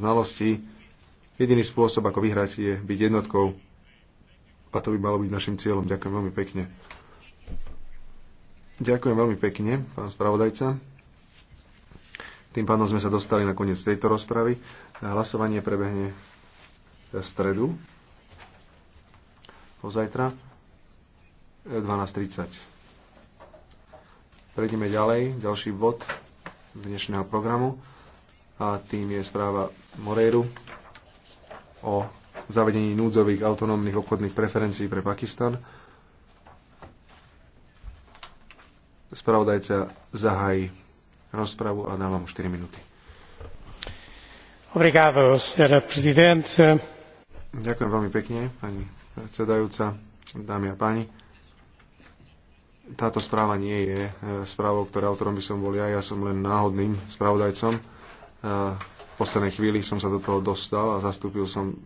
znalosti. Jediný spôsob, ako vyhrať, je byť jednotkou. A to by malo byť našim cieľom. Ďakujem veľmi pekne. Ďakujem veľmi pekne, pán spravodajca. Tým pádom sme sa dostali na koniec tejto rozpravy. Hlasovanie prebehne v stredu, pozajtra, 12.30. Eh, Prejdeme ďalej, ďalší bod dnešného programu a tým je správa Moreiru o zavedení núdzových autonómnych obchodných preferencií pre Pakistan. Spravodajca zahájí rozpravu a dávam mu 4 minúty. Obrigado, prezident. Ďakujem veľmi pekne, pani predsedajúca, dámy a páni táto správa nie je e, správou, ktoré autorom by som bol ja, ja som len náhodným spravodajcom. V poslednej chvíli som sa do toho dostal a zastúpil som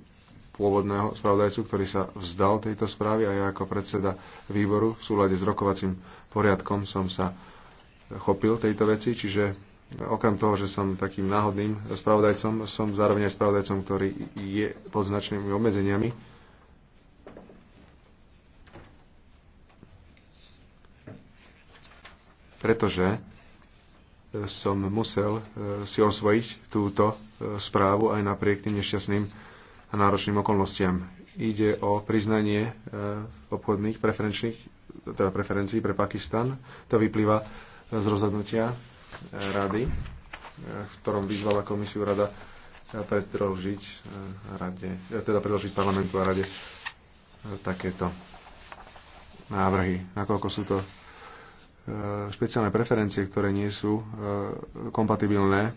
pôvodného spravodajcu, ktorý sa vzdal tejto správy a ja ako predseda výboru v súlade s rokovacím poriadkom som sa chopil tejto veci, čiže okrem toho, že som takým náhodným spravodajcom, som zároveň aj spravodajcom, ktorý je pod značnými obmedzeniami. Pretože som musel e, si osvojiť túto e, správu aj napriek tým nešťastným a náročným okolnostiam. Ide o priznanie e, obchodných preferenčných, teda preferencií pre Pakistan. To vyplýva z rozhodnutia rady, v ktorom vyzvala komisiu rada predložiť, rade, teda predložiť parlamentu a rade takéto návrhy, nakoľko sú to E, špeciálne preferencie, ktoré nie sú e, kompatibilné e,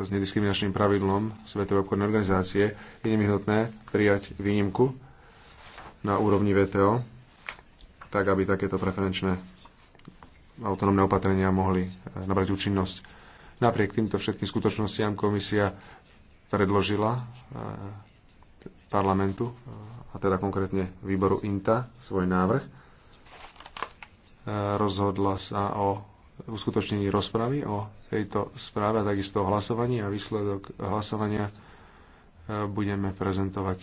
s nediskriminačným pravidlom Svetovej obchodnej organizácie, je nevyhnutné prijať výnimku na úrovni VTO, tak aby takéto preferenčné autonómne opatrenia mohli nabrať účinnosť. Napriek týmto všetkým skutočnostiam komisia predložila parlamentu, a teda konkrétne výboru INTA, svoj návrh rozhodla sa o uskutočnení rozpravy o tejto správe a takisto o hlasovaní a výsledok hlasovania e, budeme prezentovať,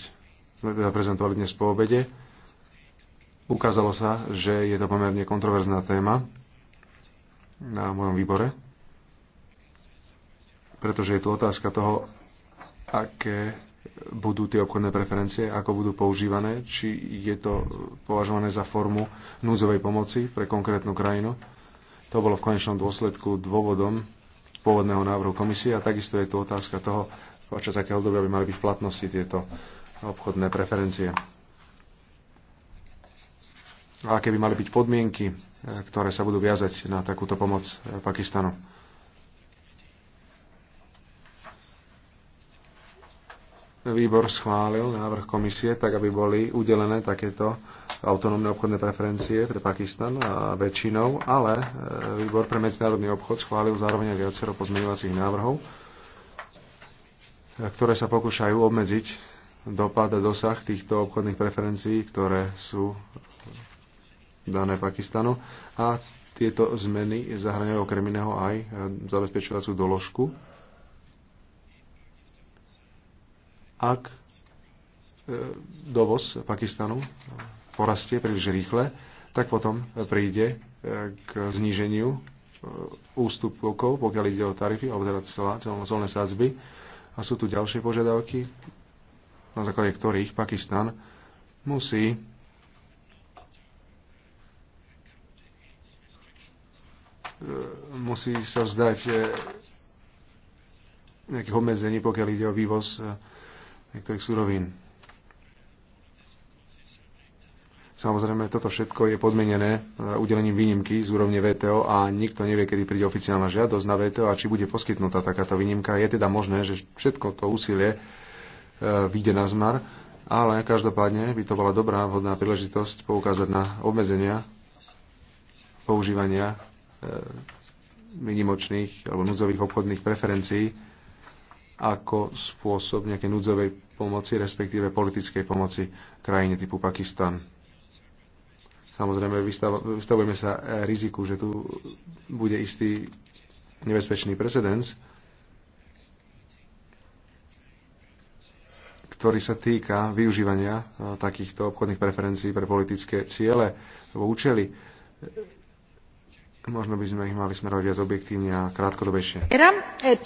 sme teda prezentovali dnes po obede. Ukázalo sa, že je to pomerne kontroverzná téma na mojom výbore, pretože je tu otázka toho, aké budú tie obchodné preferencie, ako budú používané, či je to považované za formu núzovej pomoci pre konkrétnu krajinu. To bolo v konečnom dôsledku dôvodom pôvodného návrhu komisie a takisto je tu otázka toho, počas akého obdobia by mali byť v platnosti tieto obchodné preferencie. A aké by mali byť podmienky, ktoré sa budú viazať na takúto pomoc Pakistanu. výbor schválil návrh komisie, tak aby boli udelené takéto autonómne obchodné preferencie pre Pakistan a väčšinou, ale e, výbor pre medzinárodný obchod schválil zároveň aj viacero pozmeňovacích návrhov, e, ktoré sa pokúšajú obmedziť dopad a dosah týchto obchodných preferencií, ktoré sú dané Pakistanu. A tieto zmeny zahrňajú okrem iného aj e, zabezpečovacú doložku ak e, dovoz Pakistanu porastie príliš rýchle, tak potom príde e, k zníženiu e, ústupkov, pokiaľ ide o tarify, alebo teda celné sázby. A sú tu ďalšie požiadavky, na základe ktorých Pakistan musí musí sa vzdať nejakých obmedzení, pokiaľ ide o vývoz niektorých surovín. Samozrejme, toto všetko je podmenené e, udelením výnimky z úrovne VTO a nikto nevie, kedy príde oficiálna žiadosť na VTO a či bude poskytnutá takáto výnimka. Je teda možné, že všetko to úsilie e, vyjde na zmar, ale každopádne by to bola dobrá, vhodná príležitosť poukázať na obmedzenia používania minimočných e, alebo núdzových obchodných preferencií ako spôsob nejakej núdzovej pomoci, respektíve politickej pomoci krajine typu Pakistan. Samozrejme, vystavujeme sa riziku, že tu bude istý nebezpečný precedens, ktorý sa týka využívania eh, takýchto obchodných preferencií pre politické ciele alebo účely Možno by sme ich mali smerovať viac objektívne a krátkodobejšie. E,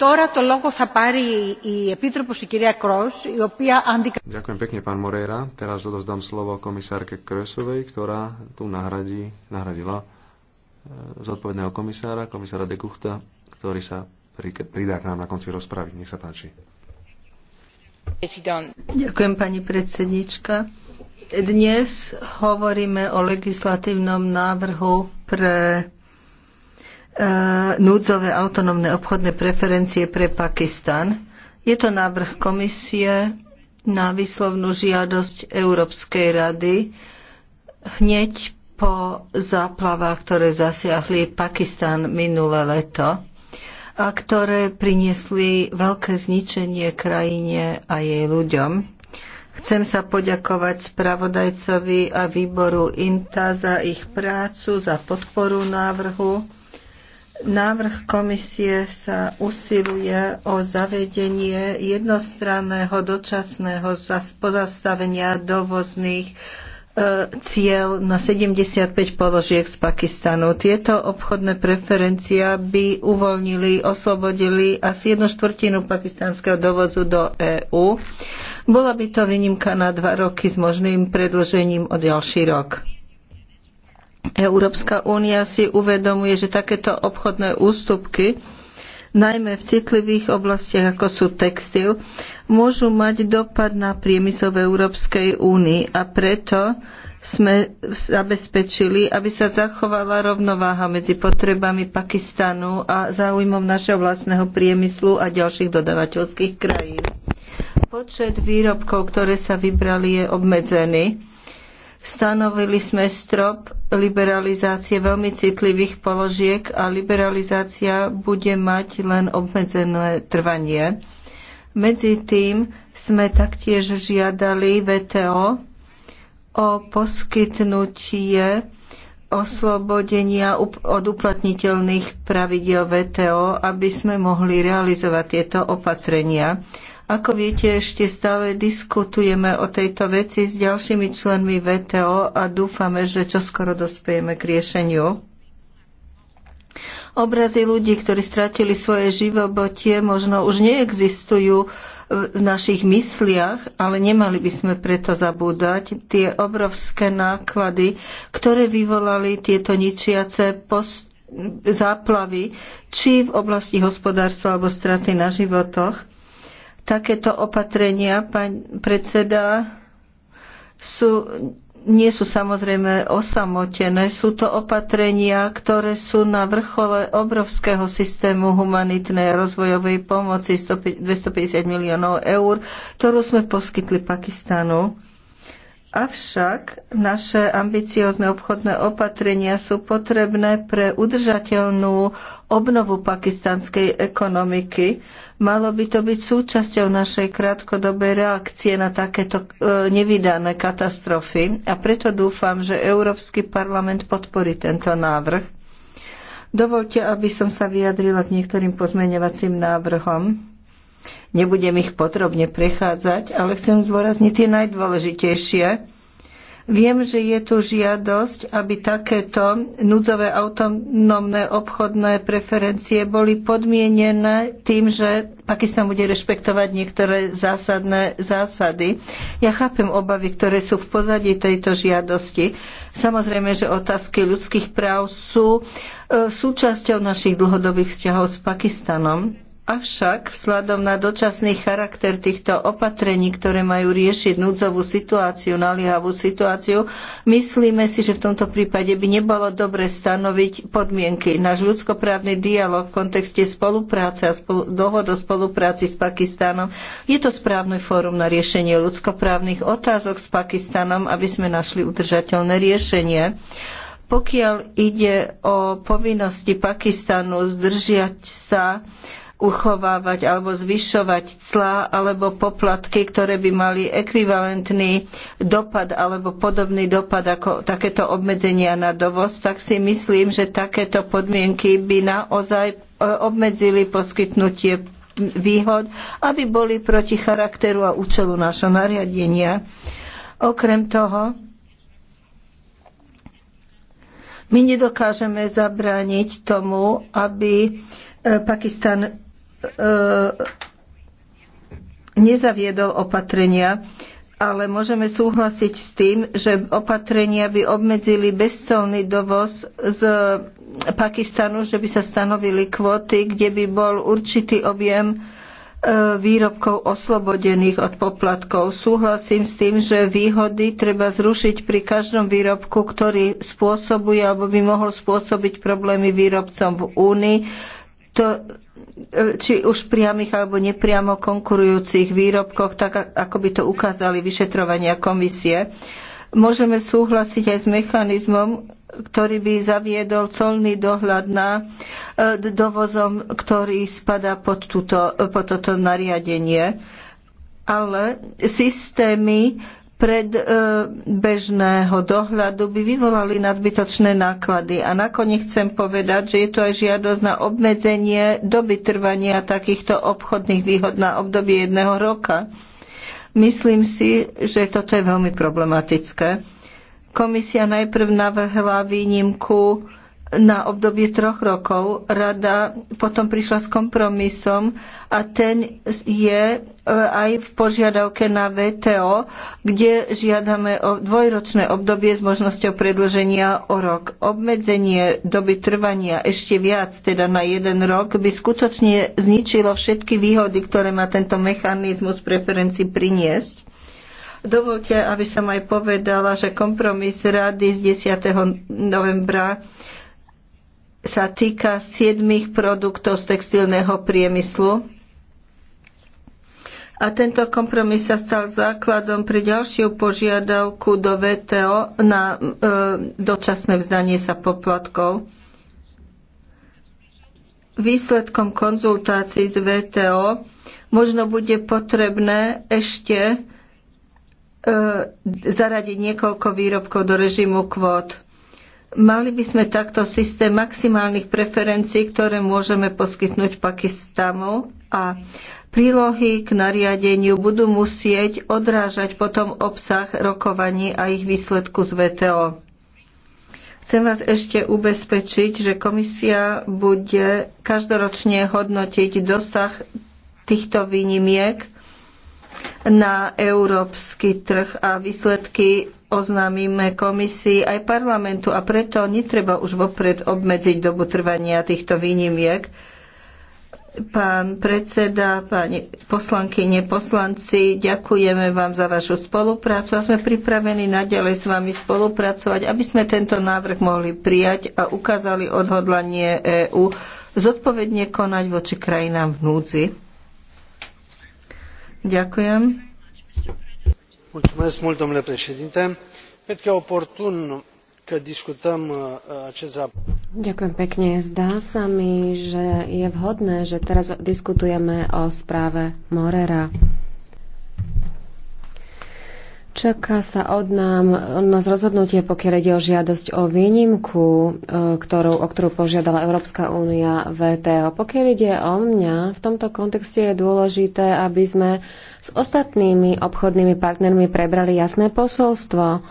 Ďakujem pekne, pán Moreira. Teraz odovzdám slovo komisárke Krösovej, ktorá tu nahradí, nahradila e, zodpovedného komisára, komisára de Kuchta, ktorý sa pridá k nám na konci rozpravy. Nech sa páči. Ďakujem, pani predsednička. Dnes hovoríme o legislatívnom návrhu pre Eh, núdzové autonómne obchodné preferencie pre Pakistan. Je to návrh komisie na výslovnú žiadosť Európskej rady hneď po záplavách, ktoré zasiahli Pakistan minulé leto a ktoré priniesli veľké zničenie krajine a jej ľuďom. Chcem sa poďakovať spravodajcovi a výboru INTA za ich prácu, za podporu návrhu Návrh komisie sa usiluje o zavedenie jednostranného dočasného pozastavenia dovozných e, cieľ na 75 položiek z Pakistanu. Tieto obchodné preferencia by uvoľnili, oslobodili asi jednu štvrtinu pakistanského dovozu do EÚ. Bola by to výnimka na dva roky s možným predlžením o ďalší rok. Európska únia si uvedomuje, že takéto obchodné ústupky najmä v citlivých oblastiach, ako sú textil, môžu mať dopad na priemysel v Európskej únii a preto sme zabezpečili, aby sa zachovala rovnováha medzi potrebami Pakistanu a záujmom našeho vlastného priemyslu a ďalších dodavateľských krajín. Počet výrobkov, ktoré sa vybrali, je obmedzený Stanovili sme strop liberalizácie veľmi citlivých položiek a liberalizácia bude mať len obmedzené trvanie. Medzi tým sme taktiež žiadali VTO o poskytnutie oslobodenia od uplatniteľných pravidiel VTO, aby sme mohli realizovať tieto opatrenia. Ako viete, ešte stále diskutujeme o tejto veci s ďalšími členmi VTO a dúfame, že čoskoro dospejeme k riešeniu. Obrazy ľudí, ktorí stratili svoje živobotie, možno už neexistujú v našich mysliach, ale nemali by sme preto zabúdať tie obrovské náklady, ktoré vyvolali tieto ničiace post- záplavy, či v oblasti hospodárstva alebo straty na životoch Takéto opatrenia, pán predseda, sú, nie sú samozrejme osamotené. Sú to opatrenia, ktoré sú na vrchole obrovského systému humanitnej a rozvojovej pomoci 250 miliónov eur, ktorú sme poskytli Pakistanu Avšak naše ambiciozne obchodné opatrenia sú potrebné pre udržateľnú obnovu pakistanskej ekonomiky. Malo by to byť súčasťou našej krátkodobej reakcie na takéto e, nevydané katastrofy a preto dúfam, že Európsky parlament podporí tento návrh. Dovolte, aby som sa vyjadrila k niektorým pozmeňovacím návrhom. Nebudem ich podrobne prechádzať, ale chcem zvorazniť tie najdôležitejšie. Viem, že je tu žiadosť, aby takéto núdzové autonómne obchodné preferencie boli podmienené tým, že Pakistan bude rešpektovať niektoré zásadné zásady. Ja chápem obavy, ktoré sú v pozadí tejto žiadosti. Samozrejme, že otázky ľudských práv sú e, súčasťou našich dlhodobých vzťahov s Pakistanom Avšak vzhľadom na dočasný charakter týchto opatrení, ktoré majú riešiť núdzovú situáciu, naliehavú situáciu, myslíme si, že v tomto prípade by nebolo dobre stanoviť podmienky. Náš ľudskoprávny dialog v kontexte spolupráce a spolu, dohod o spolupráci s Pakistanom je to správne fórum na riešenie ľudskoprávnych otázok s Pakistanom, aby sme našli udržateľné riešenie. Pokiaľ ide o povinnosti Pakistanu zdržiať sa uchovávať alebo zvyšovať clá alebo poplatky, ktoré by mali ekvivalentný dopad alebo podobný dopad ako takéto obmedzenia na dovoz, tak si myslím, že takéto podmienky by naozaj e, obmedzili poskytnutie výhod, aby boli proti charakteru a účelu našho nariadenia. Okrem toho, my nedokážeme zabrániť tomu, aby e, Pakistan E, nezaviedol opatrenia, ale môžeme súhlasiť s tým, že opatrenia by obmedzili bezcelný dovoz z Pakistanu, že by sa stanovili kvóty, kde by bol určitý objem e, výrobkov oslobodených od poplatkov. Súhlasím s tým, že výhody treba zrušiť pri každom výrobku, ktorý spôsobuje alebo by mohol spôsobiť problémy výrobcom v Únii. To či už priamých alebo nepriamo konkurujúcich výrobkoch, tak ako by to ukázali vyšetrovania komisie. Môžeme súhlasiť aj s mechanizmom, ktorý by zaviedol colný dohľad na e, dovozom, ktorý spadá pod, túto, e, pod toto nariadenie. Ale systémy predbežného dohľadu by vyvolali nadbytočné náklady. A nakoniec chcem povedať, že je to aj žiadosť na obmedzenie doby trvania takýchto obchodných výhod na obdobie jedného roka. Myslím si, že toto je veľmi problematické. Komisia najprv navrhla výnimku na obdobie troch rokov. Rada potom prišla s kompromisom a ten je e, aj v požiadavke na VTO, kde žiadame o dvojročné obdobie s možnosťou predlženia o rok. Obmedzenie doby trvania ešte viac, teda na jeden rok, by skutočne zničilo všetky výhody, ktoré má tento mechanizmus preferencií priniesť. Dovolte, aby som aj povedala, že kompromis rady z 10. novembra sa týka siedmých produktov z textilného priemyslu. A tento kompromis sa stal základom pre ďalšiu požiadavku do VTO na e, dočasné vzdanie sa poplatkov. Výsledkom konzultácií z VTO možno bude potrebné ešte e, zaradiť niekoľko výrobkov do režimu kvót. Mali by sme takto systém maximálnych preferencií, ktoré môžeme poskytnúť Pakistanu a prílohy k nariadeniu budú musieť odrážať potom obsah rokovaní a ich výsledku z VTO. Chcem vás ešte ubezpečiť, že komisia bude každoročne hodnotiť dosah týchto výnimiek na európsky trh a výsledky oznámime komisii aj parlamentu a preto netreba už vopred obmedziť dobu trvania týchto výnimiek. Pán predseda, pani poslankyne, poslanci, ďakujeme vám za vašu spoluprácu a sme pripravení naďalej s vami spolupracovať, aby sme tento návrh mohli prijať a ukázali odhodlanie EÚ zodpovedne konať voči krajinám v núdzi. Ďakujem cred că e oportun că discutăm uh, acest raport. Zdá sa mi, že je vhodné, že teraz diskutujeme o správe Morera. Čaká sa od, nám, od nás rozhodnutie, pokiaľ ide o žiadosť o výnimku, e, ktorú, o ktorú požiadala Európska únia VTO. Pokiaľ ide o mňa, v tomto kontexte je dôležité, aby sme s ostatnými obchodnými partnermi prebrali jasné posolstvo.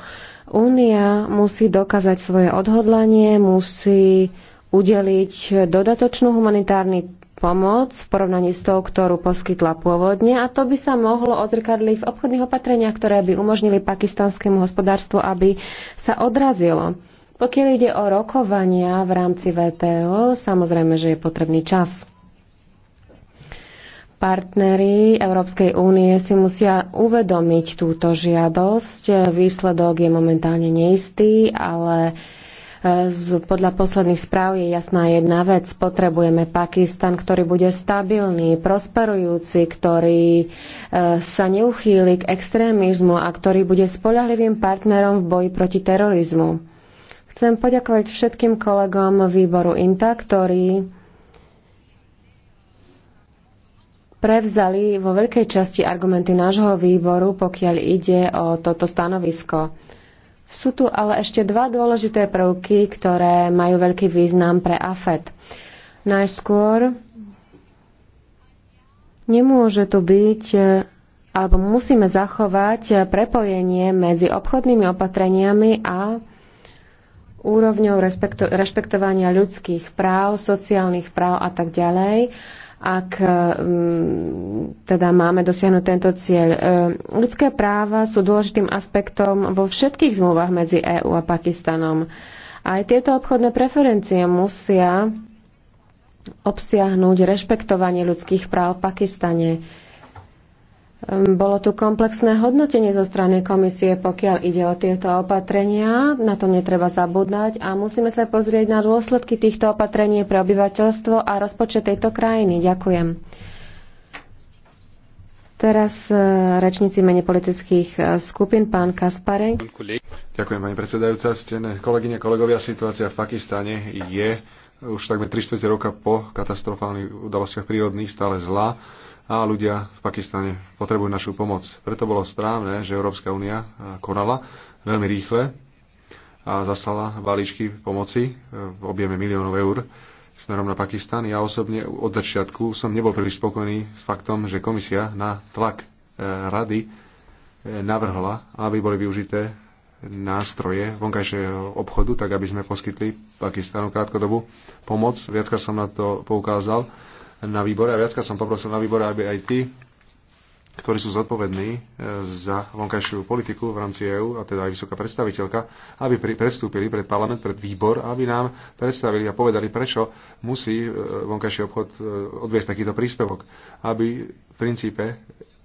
Únia musí dokázať svoje odhodlanie, musí udeliť dodatočnú humanitárny, pomoc v porovnaní s tou, ktorú poskytla pôvodne a to by sa mohlo odzrkadliť v obchodných opatreniach, ktoré by umožnili pakistanskému hospodárstvu, aby sa odrazilo. Pokiaľ ide o rokovania v rámci VTO, samozrejme, že je potrebný čas. Partnery Európskej únie si musia uvedomiť túto žiadosť. Výsledok je momentálne neistý, ale uh, podľa posledných správ je jasná jedna vec. Potrebujeme Pakistan, ktorý bude stabilný, prosperujúci, ktorý e, sa neuchýli k extrémizmu a ktorý bude spoľahlivým partnerom v boji proti terorizmu. Chcem poďakovať všetkým kolegom výboru INTA, ktorí prevzali vo veľkej časti argumenty nášho výboru, pokiaľ ide o toto stanovisko. Sú tu ale ešte dva dôležité prvky, ktoré majú veľký význam pre AFET. Najskôr nemôže tu byť e, alebo musíme zachovať prepojenie medzi obchodnými opatreniami a úrovňou rešpektovania ľudských práv, sociálnych práv a tak ďalej ak eh, mm, teda máme dosiahnuť tento cieľ. Eh, ľudské práva sú dôležitým aspektom vo všetkých zmluvách medzi EÚ a Pakistanom. Aj tieto obchodné preferencie musia obsiahnuť rešpektovanie ľudských práv v Pakistane. Ehm, bolo tu komplexné hodnotenie zo strany komisie, pokiaľ ide o tieto opatrenia. Na to netreba zabúdať a musíme sa pozrieť na dôsledky týchto opatrení pre obyvateľstvo a rozpočet tejto krajiny. Ďakujem. Teraz e, rečníci mene politických e, skupín, pán Kasparej. Ďakujem, pani predsedajúca. Stené kolegyne, kolegovia, situácia v Pakistane je už takmer 3 roka po katastrofálnych udalostiach prírodných stále zlá a ľudia v Pakistane potrebujú našu pomoc. Preto bolo správne, že Európska únia e, konala veľmi rýchle a zaslala balíčky pomoci e, v objeme miliónov eur smerom na Pakistan. Ja osobne od začiatku som nebol príliš spokojný s faktom, že komisia na tlak e, rady navrhla, aby boli využité nástroje vonkajšieho obchodu, tak aby sme poskytli Pakistanu krátkodobú pomoc. Viackrát som na to poukázal na výbore a viackrát som poprosil na výbore, aby aj tí, ktorí sú zodpovední e, za vonkajšiu politiku v rámci EÚ, a teda aj vysoká predstaviteľka, aby pri, predstúpili pred parlament, pred výbor, aby nám predstavili a povedali, prečo musí e, vonkajší obchod e, odviesť takýto príspevok. Aby v princípe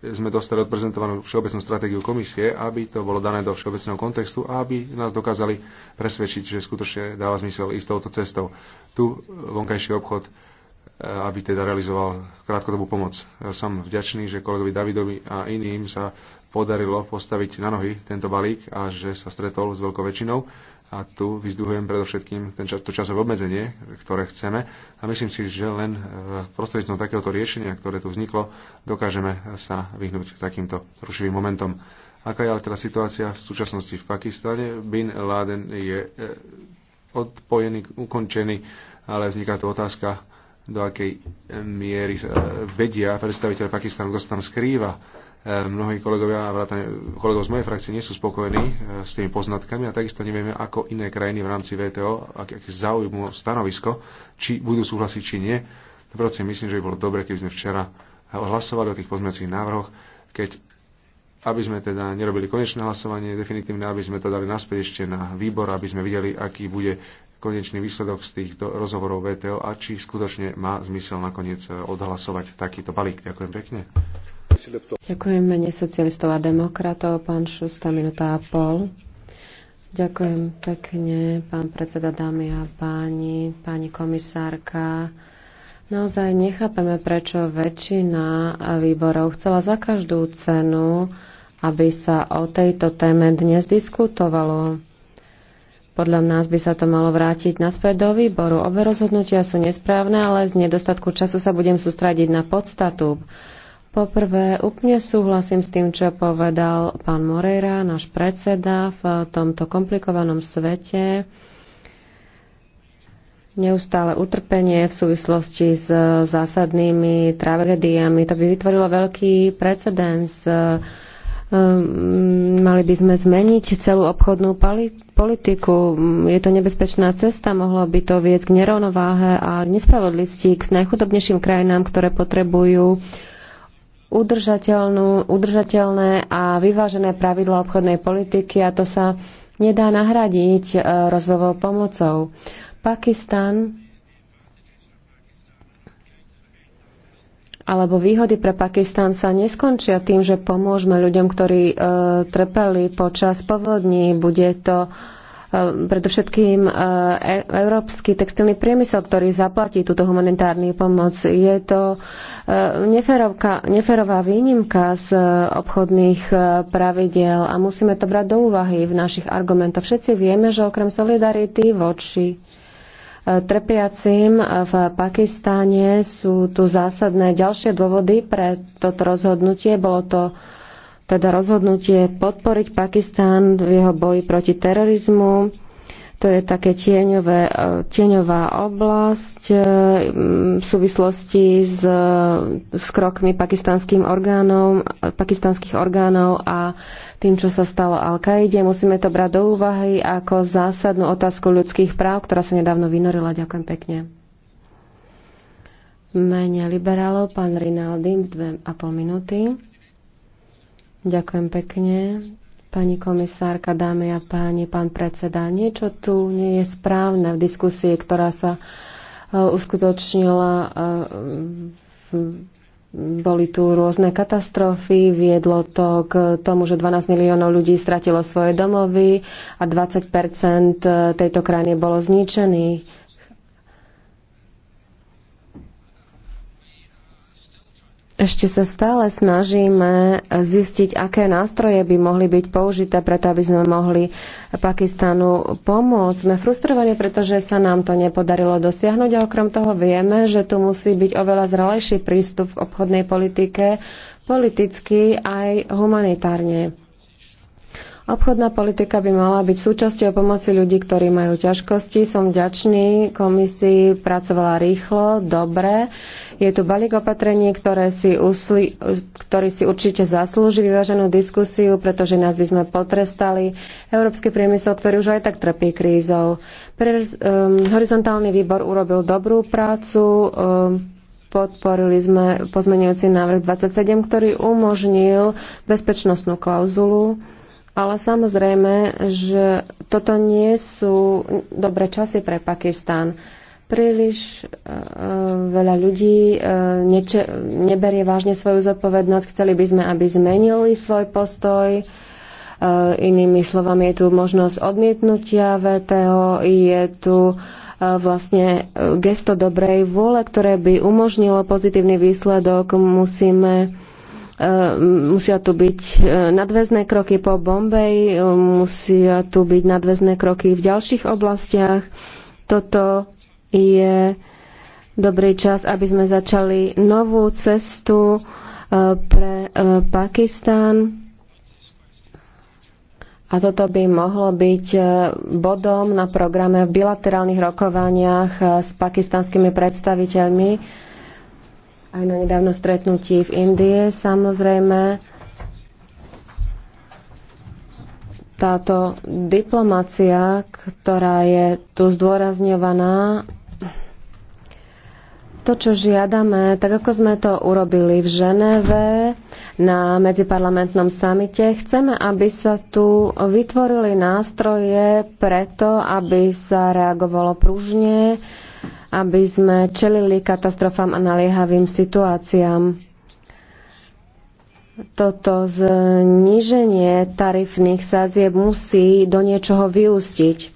sme dostali odprezentovanú všeobecnú stratégiu komisie, aby to bolo dané do všeobecného kontextu a aby nás dokázali presvedčiť, že skutočne dáva zmysel ísť touto cestou. Tu vonkajší obchod Eh, aby teda realizoval krátkodobú pomoc. Som vďačný, že kolegovi Davidovi a iným sa podarilo postaviť na nohy tento balík a že sa stretol s veľkou väčšinou. A tu vyzdvihujem predovšetkým ten, to časové obmedzenie, ktoré chceme. A myslím si, že len eh, prostredníctvom takéhoto riešenia, ktoré tu vzniklo, dokážeme sa vyhnúť takýmto rušivým momentom. Aká je ale teda situácia v súčasnosti v Pakistane? Bin Laden je eh, odpojený, ukončený, ale vzniká tu otázka, do akej eh, miery eh, vedia predstaviteľ Pakistanu, kto sa tam skrýva. Eh, mnohí kolegovia a kolegov z mojej frakcie nie sú spokojní s tými poznatkami a takisto nevieme, ako iné krajiny v rámci VTO, aké zaujímavé stanovisko, či budú súhlasiť, či nie. Preto si myslím, že by bolo dobre, keby sme včera hlasovali o tých pozmeňovacích návrhoch, keď aby sme teda nerobili konečné hlasovanie, definitívne, aby sme to dali naspäť ešte na výbor, aby sme videli, aký bude konečný výsledok z týchto rozhovorov VTO a či skutočne má zmysel nakoniec odhlasovať takýto balík. Ďakujem pekne. Ďakujem mene socialistov a demokratov, pán Šusta, minúta a pol. Ďakujem pekne, pán predseda, dámy a páni, pani komisárka. Naozaj nechápeme, prečo väčšina výborov chcela za každú cenu aby sa o tejto téme dnes diskutovalo. Podľa nás by sa to malo vrátiť naspäť do výboru. Obe rozhodnutia sú nesprávne, ale z nedostatku času sa budem sústradiť na podstatu. Poprvé, úplne súhlasím s tým, čo povedal pán Moreira, náš predseda v tomto komplikovanom svete. Neustále utrpenie v súvislosti s zásadnými tragédiami. To by vytvorilo veľký precedens Ehm, mali by sme zmeniť celú obchodnú politiku. Je to nebezpečná cesta, mohlo by to viesť k nerovnováhe a nespravodlivosti k najchudobnejším krajinám, ktoré potrebujú udržateľnú, udržateľné a vyvážené pravidla obchodnej politiky a to sa nedá nahradiť e, rozvojovou pomocou. Pakistan alebo výhody pre Pakistan sa neskončia tým, že pomôžeme ľuďom, ktorí e, trpeli počas povodní. Bude to e, predovšetkým e, e európsky textilný priemysel, ktorý zaplatí túto humanitárnu pomoc. Je to e, neferová výnimka z e, obchodných e, pravidiel a musíme to brať do úvahy v našich argumentoch. Všetci vieme, že okrem solidarity voči trpiacim v Pakistáne sú tu zásadné ďalšie dôvody pre toto rozhodnutie. Bolo to teda rozhodnutie podporiť Pakistán v jeho boji proti terorizmu to je také tieňové, e, tieňová oblasť e, v súvislosti s, s krokmi pakistanským orgánom, e, pakistanských orgánov a tým, čo sa stalo Al-Kaide. Musíme to brať do úvahy ako zásadnú otázku ľudských práv, ktorá sa nedávno vynorila. Ďakujem pekne. Mene liberálov, pán Rinaldi, dve a pol minúty. Ďakujem pekne. Pani komisárka, dámy a páni, pán predseda, niečo tu nie je správne v diskusii, ktorá sa e, uskutočnila. E, boli tu rôzne katastrofy, viedlo to k tomu, že 12 miliónov ľudí stratilo svoje domovy a 20 e, tejto krajiny bolo zničených ešte sa stále snažíme zistiť, aké nástroje by mohli byť použité preto, aby sme mohli Pakistanu pomôcť. Sme frustrovaní, pretože sa nám to nepodarilo dosiahnuť a okrem toho vieme, že tu musí byť oveľa zrelejší prístup v obchodnej politike, politicky aj humanitárne. Obchodná politika by mala byť súčasťou pomoci ľudí, ktorí majú ťažkosti. Som vďačný komisii, pracovala rýchlo, dobre. Je tu balík opatrení, ktoré si usli, ktorý si určite zaslúži vyváženú diskusiu, pretože nás by sme potrestali. Európsky priemysel, ktorý už aj tak trpí krízou. Pre, um, horizontálny výbor urobil dobrú prácu. Um, podporili sme pozmeňujúci návrh 27, ktorý umožnil bezpečnostnú klauzulu ale samozrejme, že toto nie sú dobré časy pre Pakistan. Príliš eh, veľa ľudí eh, neče- neberie vážne svoju zodpovednosť. Chceli by sme, aby zmenili svoj postoj. Eh, inými slovami, je tu možnosť odmietnutia VTO, je tu vlastne gesto dobrej vôle, ktoré by umožnilo pozitívny výsledok. Musíme Ehm, musia tu byť ehm, nadväzné kroky po Bombej, ehm, musia tu byť nadväzné kroky v ďalších oblastiach. Toto je dobrý čas, aby sme začali novú cestu pre Pakistan. A toto by mohlo byť bodom na programe v bilaterálnych rokovaniach s pakistanskými predstaviteľmi aj na nedávno stretnutí v Indie. Samozrejme, táto diplomacia, ktorá je tu zdôrazňovaná, to, čo žiadame, tak ako sme to urobili v Ženeve na medziparlamentnom samite, chceme, aby sa tu vytvorili nástroje preto, aby sa reagovalo pružne, aby sme čelili katastrofám a naliehavým situáciám. Toto zníženie tarifných sadzieb musí do niečoho vyústiť.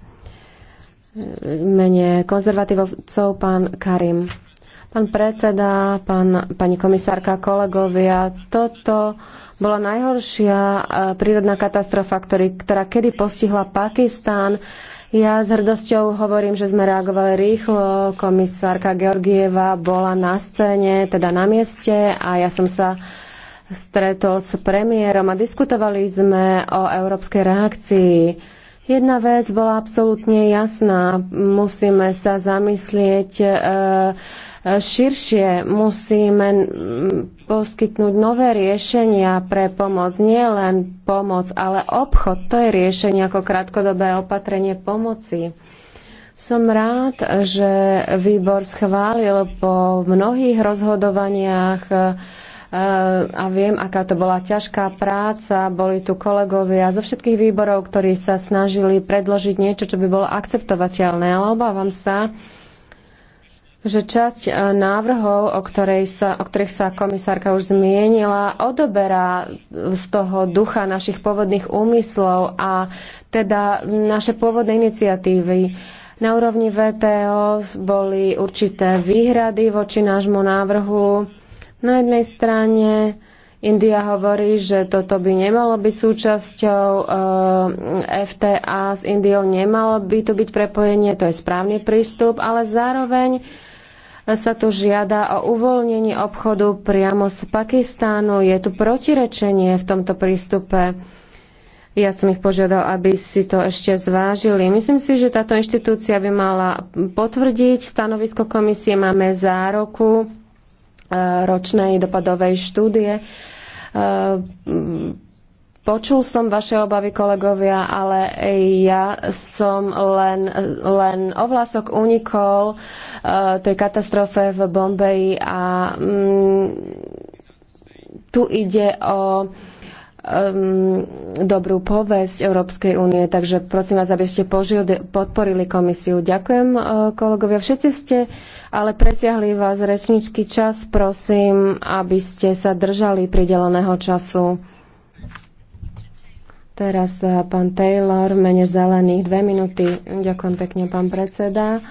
Mene konzervatívcov pán Karim. Pán predseda, pán, pani komisárka, kolegovia, toto bola najhoršia e, prírodná katastrofa, ktorý, ktorá kedy postihla Pakistán. Ja s hrdosťou hovorím, že sme reagovali rýchlo. Komisárka Georgieva bola na scéne, teda na mieste a ja som sa stretol s premiérom a diskutovali sme o európskej reakcii. Jedna vec bola absolútne jasná. Musíme sa zamyslieť e, širšie. Musíme poskytnúť nové riešenia pre pomoc. Nie len pomoc, ale obchod. To je riešenie ako krátkodobé opatrenie pomoci. Som rád, že výbor schválil po mnohých rozhodovaniach e, a viem, aká to bola ťažká práca. Boli tu kolegovia zo všetkých výborov, ktorí sa snažili predložiť niečo, čo by bolo akceptovateľné, ale obávam sa, že časť e, návrhov, o, sa, o ktorých sa komisárka už zmienila, odoberá z toho ducha našich pôvodných úmyslov a teda naše pôvodné iniciatívy. Na úrovni VTO boli určité výhrady voči nášmu návrhu. Na jednej strane India hovorí, že toto by nemalo byť súčasťou e, FTA s Indiou, nemalo by tu byť prepojenie, to je správny prístup, ale zároveň sa tu žiada o uvoľnenie obchodu priamo z Pakistánu. Je tu protirečenie v tomto prístupe. Ja som ich požiadal, aby si to ešte zvážili. Myslím si, že táto inštitúcia by mala potvrdiť stanovisko komisie. Máme zároku e, ročnej dopadovej štúdie e, Počul som vaše obavy, kolegovia, ale ja som len, len ovlások unikol uh, tej katastrofe v Bombeji a mm, tu ide o dobrú povesť Európskej únie, takže prosím vás, aby ste požiode, podporili komisiu. Ďakujem, e, kolegovia. Všetci ste ale presiahli vás rečnícky čas. Prosím, aby ste sa držali prideleného času. Teraz eh, pán Taylor, mene zelených, dve minúty. Ďakujem pekne, pán predseda.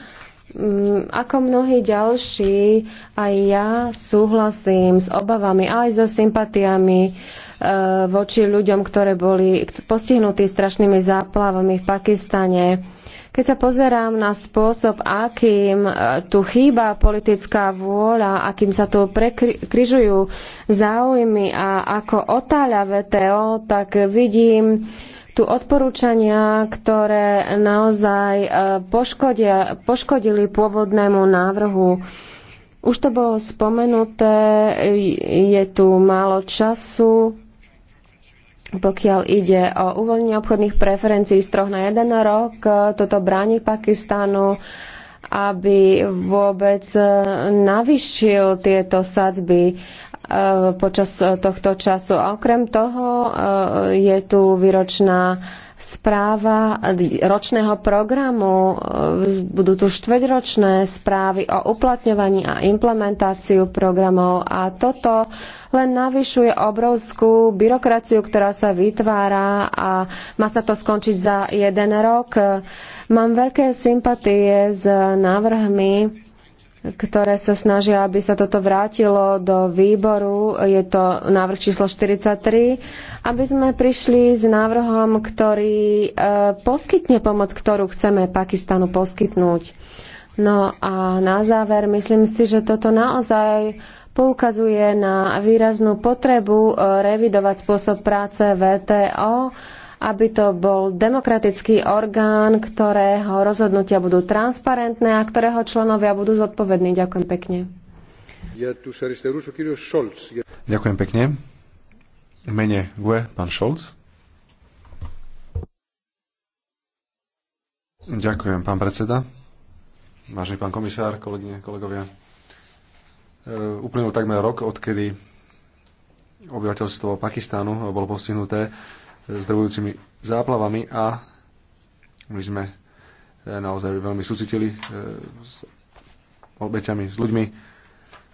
Mm, ako mnohí ďalší, aj ja súhlasím s obavami, aj so sympatiami eh, voči ľuďom, ktoré boli postihnutí strašnými záplavami v Pakistane keď sa pozerám na spôsob, akým e, tu chýba politická vôľa, akým sa tu prekryžujú záujmy a ako otáľa VTO, tak vidím tu odporúčania, ktoré naozaj e, poškodili pôvodnému návrhu. Už to bolo spomenuté, je tu málo času, pokiaľ ide o uvoľnenie obchodných preferencií z troch na jeden rok, toto bráni Pakistanu, aby vôbec e, navyšil tieto sadzby e, počas e, tohto času. A okrem toho je tu výročná správa ročného programu, budú tu štveťročné správy o uplatňovaní a implementáciu programov a toto len navyšuje obrovskú byrokraciu, ktorá sa vytvára a má sa to skončiť za jeden rok. Mám veľké sympatie s návrhmi ktoré sa snažia, aby sa toto vrátilo do výboru. Je to návrh číslo 43, aby sme prišli s návrhom, ktorý e, poskytne pomoc, ktorú chceme Pakistanu poskytnúť. No a na záver, myslím si, že toto naozaj poukazuje na výraznú potrebu e, revidovať spôsob práce VTO aby to bol demokratický orgán, ktorého rozhodnutia budú transparentné a ktorého členovia budú zodpovední. Ďakujem pekne. Ďakujem pekne. Mene GUE, pán Scholz. Ďakujem, pán predseda. Vážený pán komisár, kolegyne, kolegovia. E, uplynul takmer rok, odkedy obyvateľstvo Pakistánu bolo postihnuté zdravujúcimi záplavami a my sme eh, naozaj veľmi súcitili eh, s obeťami, s ľuďmi.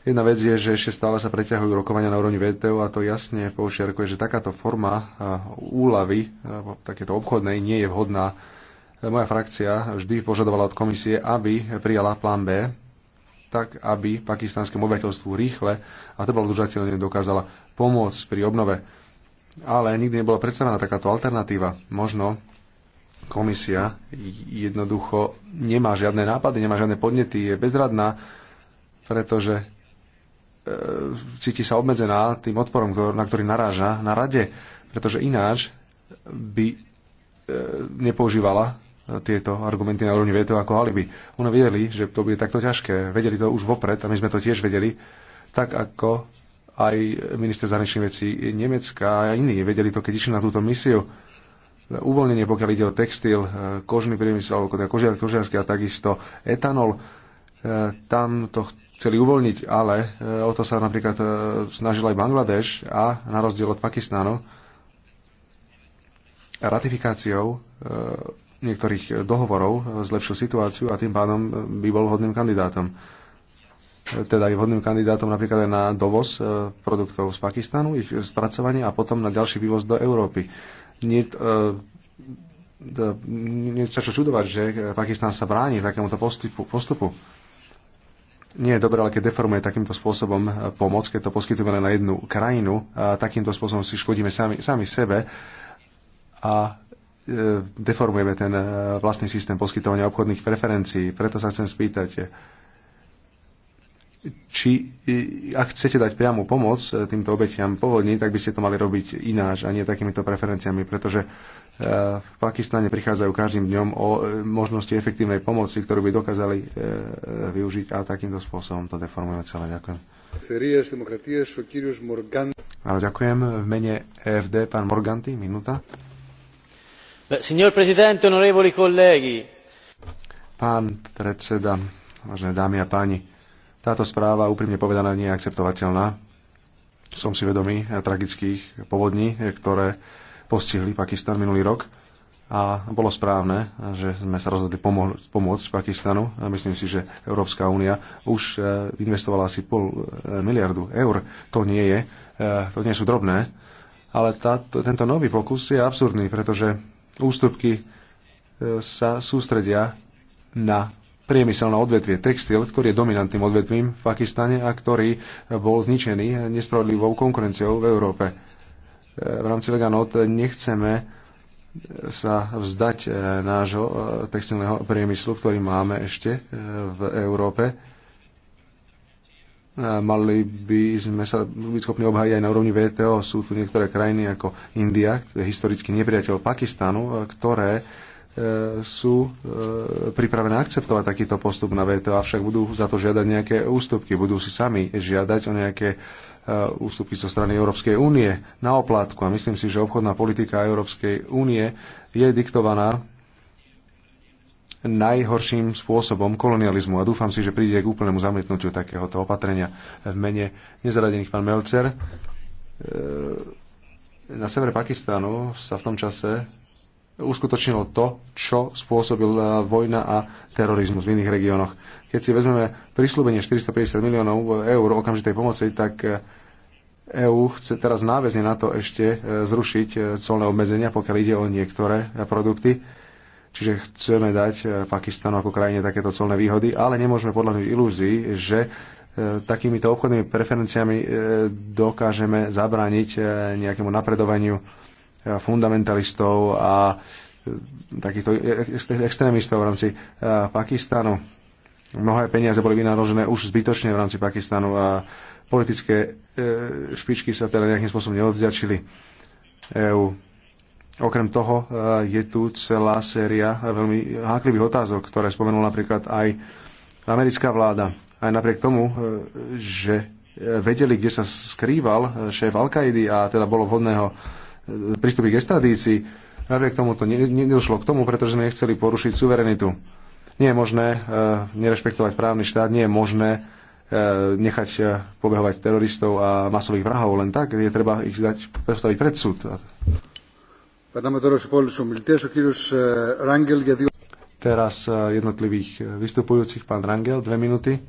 Jedna vec je, že ešte stále sa preťahujú rokovania na úrovni VTO a to jasne poušiarkuje, že takáto forma eh, úlavy, takéto obchodnej, nie je vhodná. Moja frakcia vždy požadovala od komisie, aby prijala plán B, tak aby pakistánskemu obyvateľstvu rýchle a trvalo udržateľne dokázala pomôcť pri obnove ale nikdy nebola predstavená takáto alternatíva. Možno komisia jednoducho nemá žiadne nápady, nemá žiadne podnety, je bezradná, pretože e, cíti sa obmedzená tým odporom, na ktorý naráža na rade, pretože ináč by e, nepoužívala e, tieto argumenty na úrovni veto ako alibi. Oni vedeli, že to bude takto ťažké. Vedeli to už vopred a my sme to tiež vedeli. Tak ako aj minister zahraničných vecí Nemecka a iní vedeli to, keď išli na túto misiu. Uvoľnenie, pokiaľ ide o textil, e, kožný priemysel, alebo teda kožiar, kožiarský a takisto etanol, e, tam to chceli uvoľniť, ale e, o to sa napríklad snažil aj Bangladeš a na rozdiel od Pakistánu ratifikáciou niektorých dohovorov zlepšil situáciu a tým pádom by bol hodným kandidátom teda je vhodným kandidátom napríklad aj na dovoz e, produktov z Pakistanu, ich spracovanie a potom na ďalší vývoz do Európy. Nie, e, nie sa čo čudovať, že Pakistan sa bráni takémuto postupu. postupu. Nie je dobré, ale keď deformuje takýmto spôsobom e, pomoc, keď to poskytujeme len na jednu krajinu, a takýmto spôsobom si škodíme sami, sami sebe a deformujeme ten vlastný systém poskytovania obchodných preferencií. Preto sa chcem spýtať, či e, ak chcete dať priamu pomoc e, týmto obetiam povodní, tak by ste to mali robiť ináč a nie takýmito preferenciami, pretože e, v Pakistane prichádzajú každým dňom o možnosti efektívnej pomoci, ktorú by dokázali využiť a takýmto spôsobom to deformujeme celé. Ďakujem. Áno, ďakujem. V mene EFD pán Morganti, minúta. Signor Presidente, onorevoli colleghi. Pán predseda, vážené dámy a páni, táto správa, úprimne povedaná, nie je akceptovateľná. Som si vedomý tragických povodní, ktoré postihli Pakistan minulý rok a bolo správne, že sme sa rozhodli pomôcť Pakistanu. A myslím si, že Európska únia už e, investovala asi pol e, miliardu eur. To nie je, e, to nie sú drobné. Ale táto, tento nový pokus je absurdný, pretože ústupky sa sústredia na priemyselné odvetvie textil, ktorý je dominantným odvetvím v Pakistane a ktorý bol zničený nespravodlivou konkurenciou v Európe. E, v rámci Veganot nechceme sa vzdať e, nášho e, textilného priemyslu, ktorý máme ešte v Európe. Mali by sme sa byť schopní obhájiť aj na úrovni VTO. Sú tu niektoré krajiny ako India, historický nepriateľ Pakistanu, ktoré E, sú e, pripravené akceptovať takýto postup na VTO, avšak budú za to žiadať nejaké ústupky, budú si sami žiadať o nejaké e, ústupky zo strany Európskej únie na oplátku. A myslím si, že obchodná politika Európskej únie je diktovaná najhorším spôsobom kolonializmu a dúfam si, že príde k úplnému zamietnutiu takéhoto opatrenia v mene nezaradených pán Melcer. Na severe Pakistanu sa v tom čase uskutočnilo to, čo spôsobil vojna a terorizmus v iných regiónoch. Keď si vezmeme prislúbenie 450 miliónov eur okamžitej pomoci, tak EÚ eh, e chce teraz náväzne na to ešte eh, zrušiť eh, colné obmedzenia, pokiaľ ide o niektoré produkty. Čiže chceme dať Pakistanu ako krajine takéto colné výhody, ale nemôžeme podľahnúť ilúzii, že takýmito obchodnými preferenciami dokážeme zabrániť nejakému napredovaniu fundamentalistov a e, takýchto e, e, extrémistov v rámci Pakistanu. Mnohé peniaze boli vynaložené už zbytočne v rámci Pakistanu a politické špičky sa teda nejakým spôsobom neodvďačili EÚ. Okrem toho je tu celá séria veľmi háklivých otázok, ktoré spomenul napríklad aj americká vláda. Aj napriek tomu, že vedeli, kde sa skrýval šéf Al-Kaidy a teda bolo vhodné ho pristúpiť k extradícii. Napriek tomu to nedošlo k tomu, pretože sme nechceli porušiť suverenitu. Nie je možné e, nerešpektovať právny štát, nie je možné e, nechať e, pobehovať teroristov a masových vrahov len tak. Je treba ich dať postaviť pred súd. Teraz jednotlivých vystupujúcich, pán Rangel, dve minúty.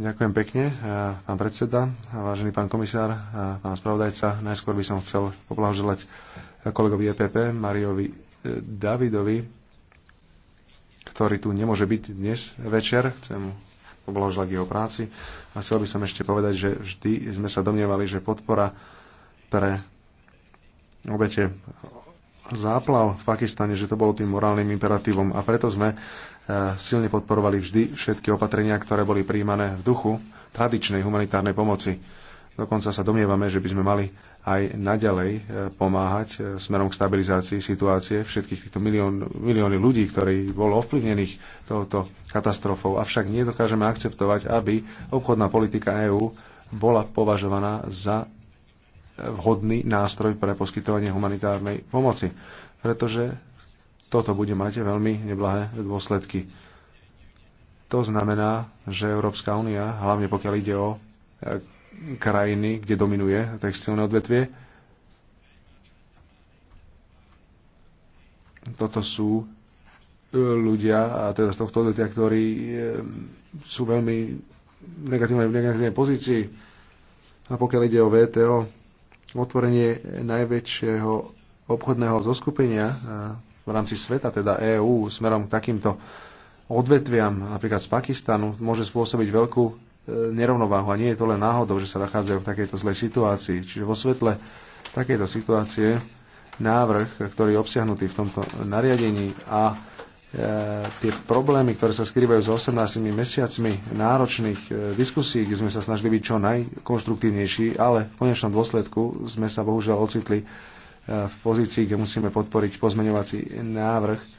Ďakujem pekne, eh, pán predseda, vážený pán komisár, eh, pán spravodajca. Najskôr by som chcel poblahoželať eh, kolegovi EPP, Mariovi Davidovi, ktorý tu nemôže byť dnes večer. Chcem mu poblahoželať jeho práci. A chcel by som ešte povedať, že vždy sme sa domnievali, že podpora pre obete záplav v Pakistane, že to bolo tým morálnym imperatívom a preto sme silne podporovali vždy všetky opatrenia, ktoré boli príjmané v duchu tradičnej humanitárnej pomoci. Dokonca sa domnievame, že by sme mali aj naďalej e, pomáhať e, smerom k stabilizácii situácie všetkých týchto milión, milióny ľudí, ktorí bolo ovplyvnených touto katastrofou. Avšak nedokážeme akceptovať, aby obchodná politika EÚ bola považovaná za e, vhodný nástroj pre poskytovanie humanitárnej pomoci. Pretože toto bude mať veľmi neblahé dôsledky. To znamená, že Európska únia, hlavne pokiaľ ide o e, krajiny, kde dominuje textilné odvetvie, toto sú e, ľudia, a teda z tohto odvetvia, ktorí e, sú veľmi negatívne, v negatívnej pozícii. A pokiaľ ide o VTO, otvorenie najväčšieho obchodného zoskupenia v rámci sveta, teda EÚ, smerom k takýmto odvetviam, napríklad z Pakistanu, môže spôsobiť veľkú e, nerovnováhu. A nie je to len náhodou, že sa nachádzajú v takejto zlej situácii. Čiže vo svetle takejto situácie návrh, ktorý je obsiahnutý v tomto nariadení a e, tie problémy, ktoré sa skrývajú za 18 mesiacmi náročných e, diskusí, kde sme sa snažili byť čo najkonštruktívnejší, ale v konečnom dôsledku sme sa bohužiaľ ocitli v pozícii, kde musíme podporiť pozmeňovací návrh,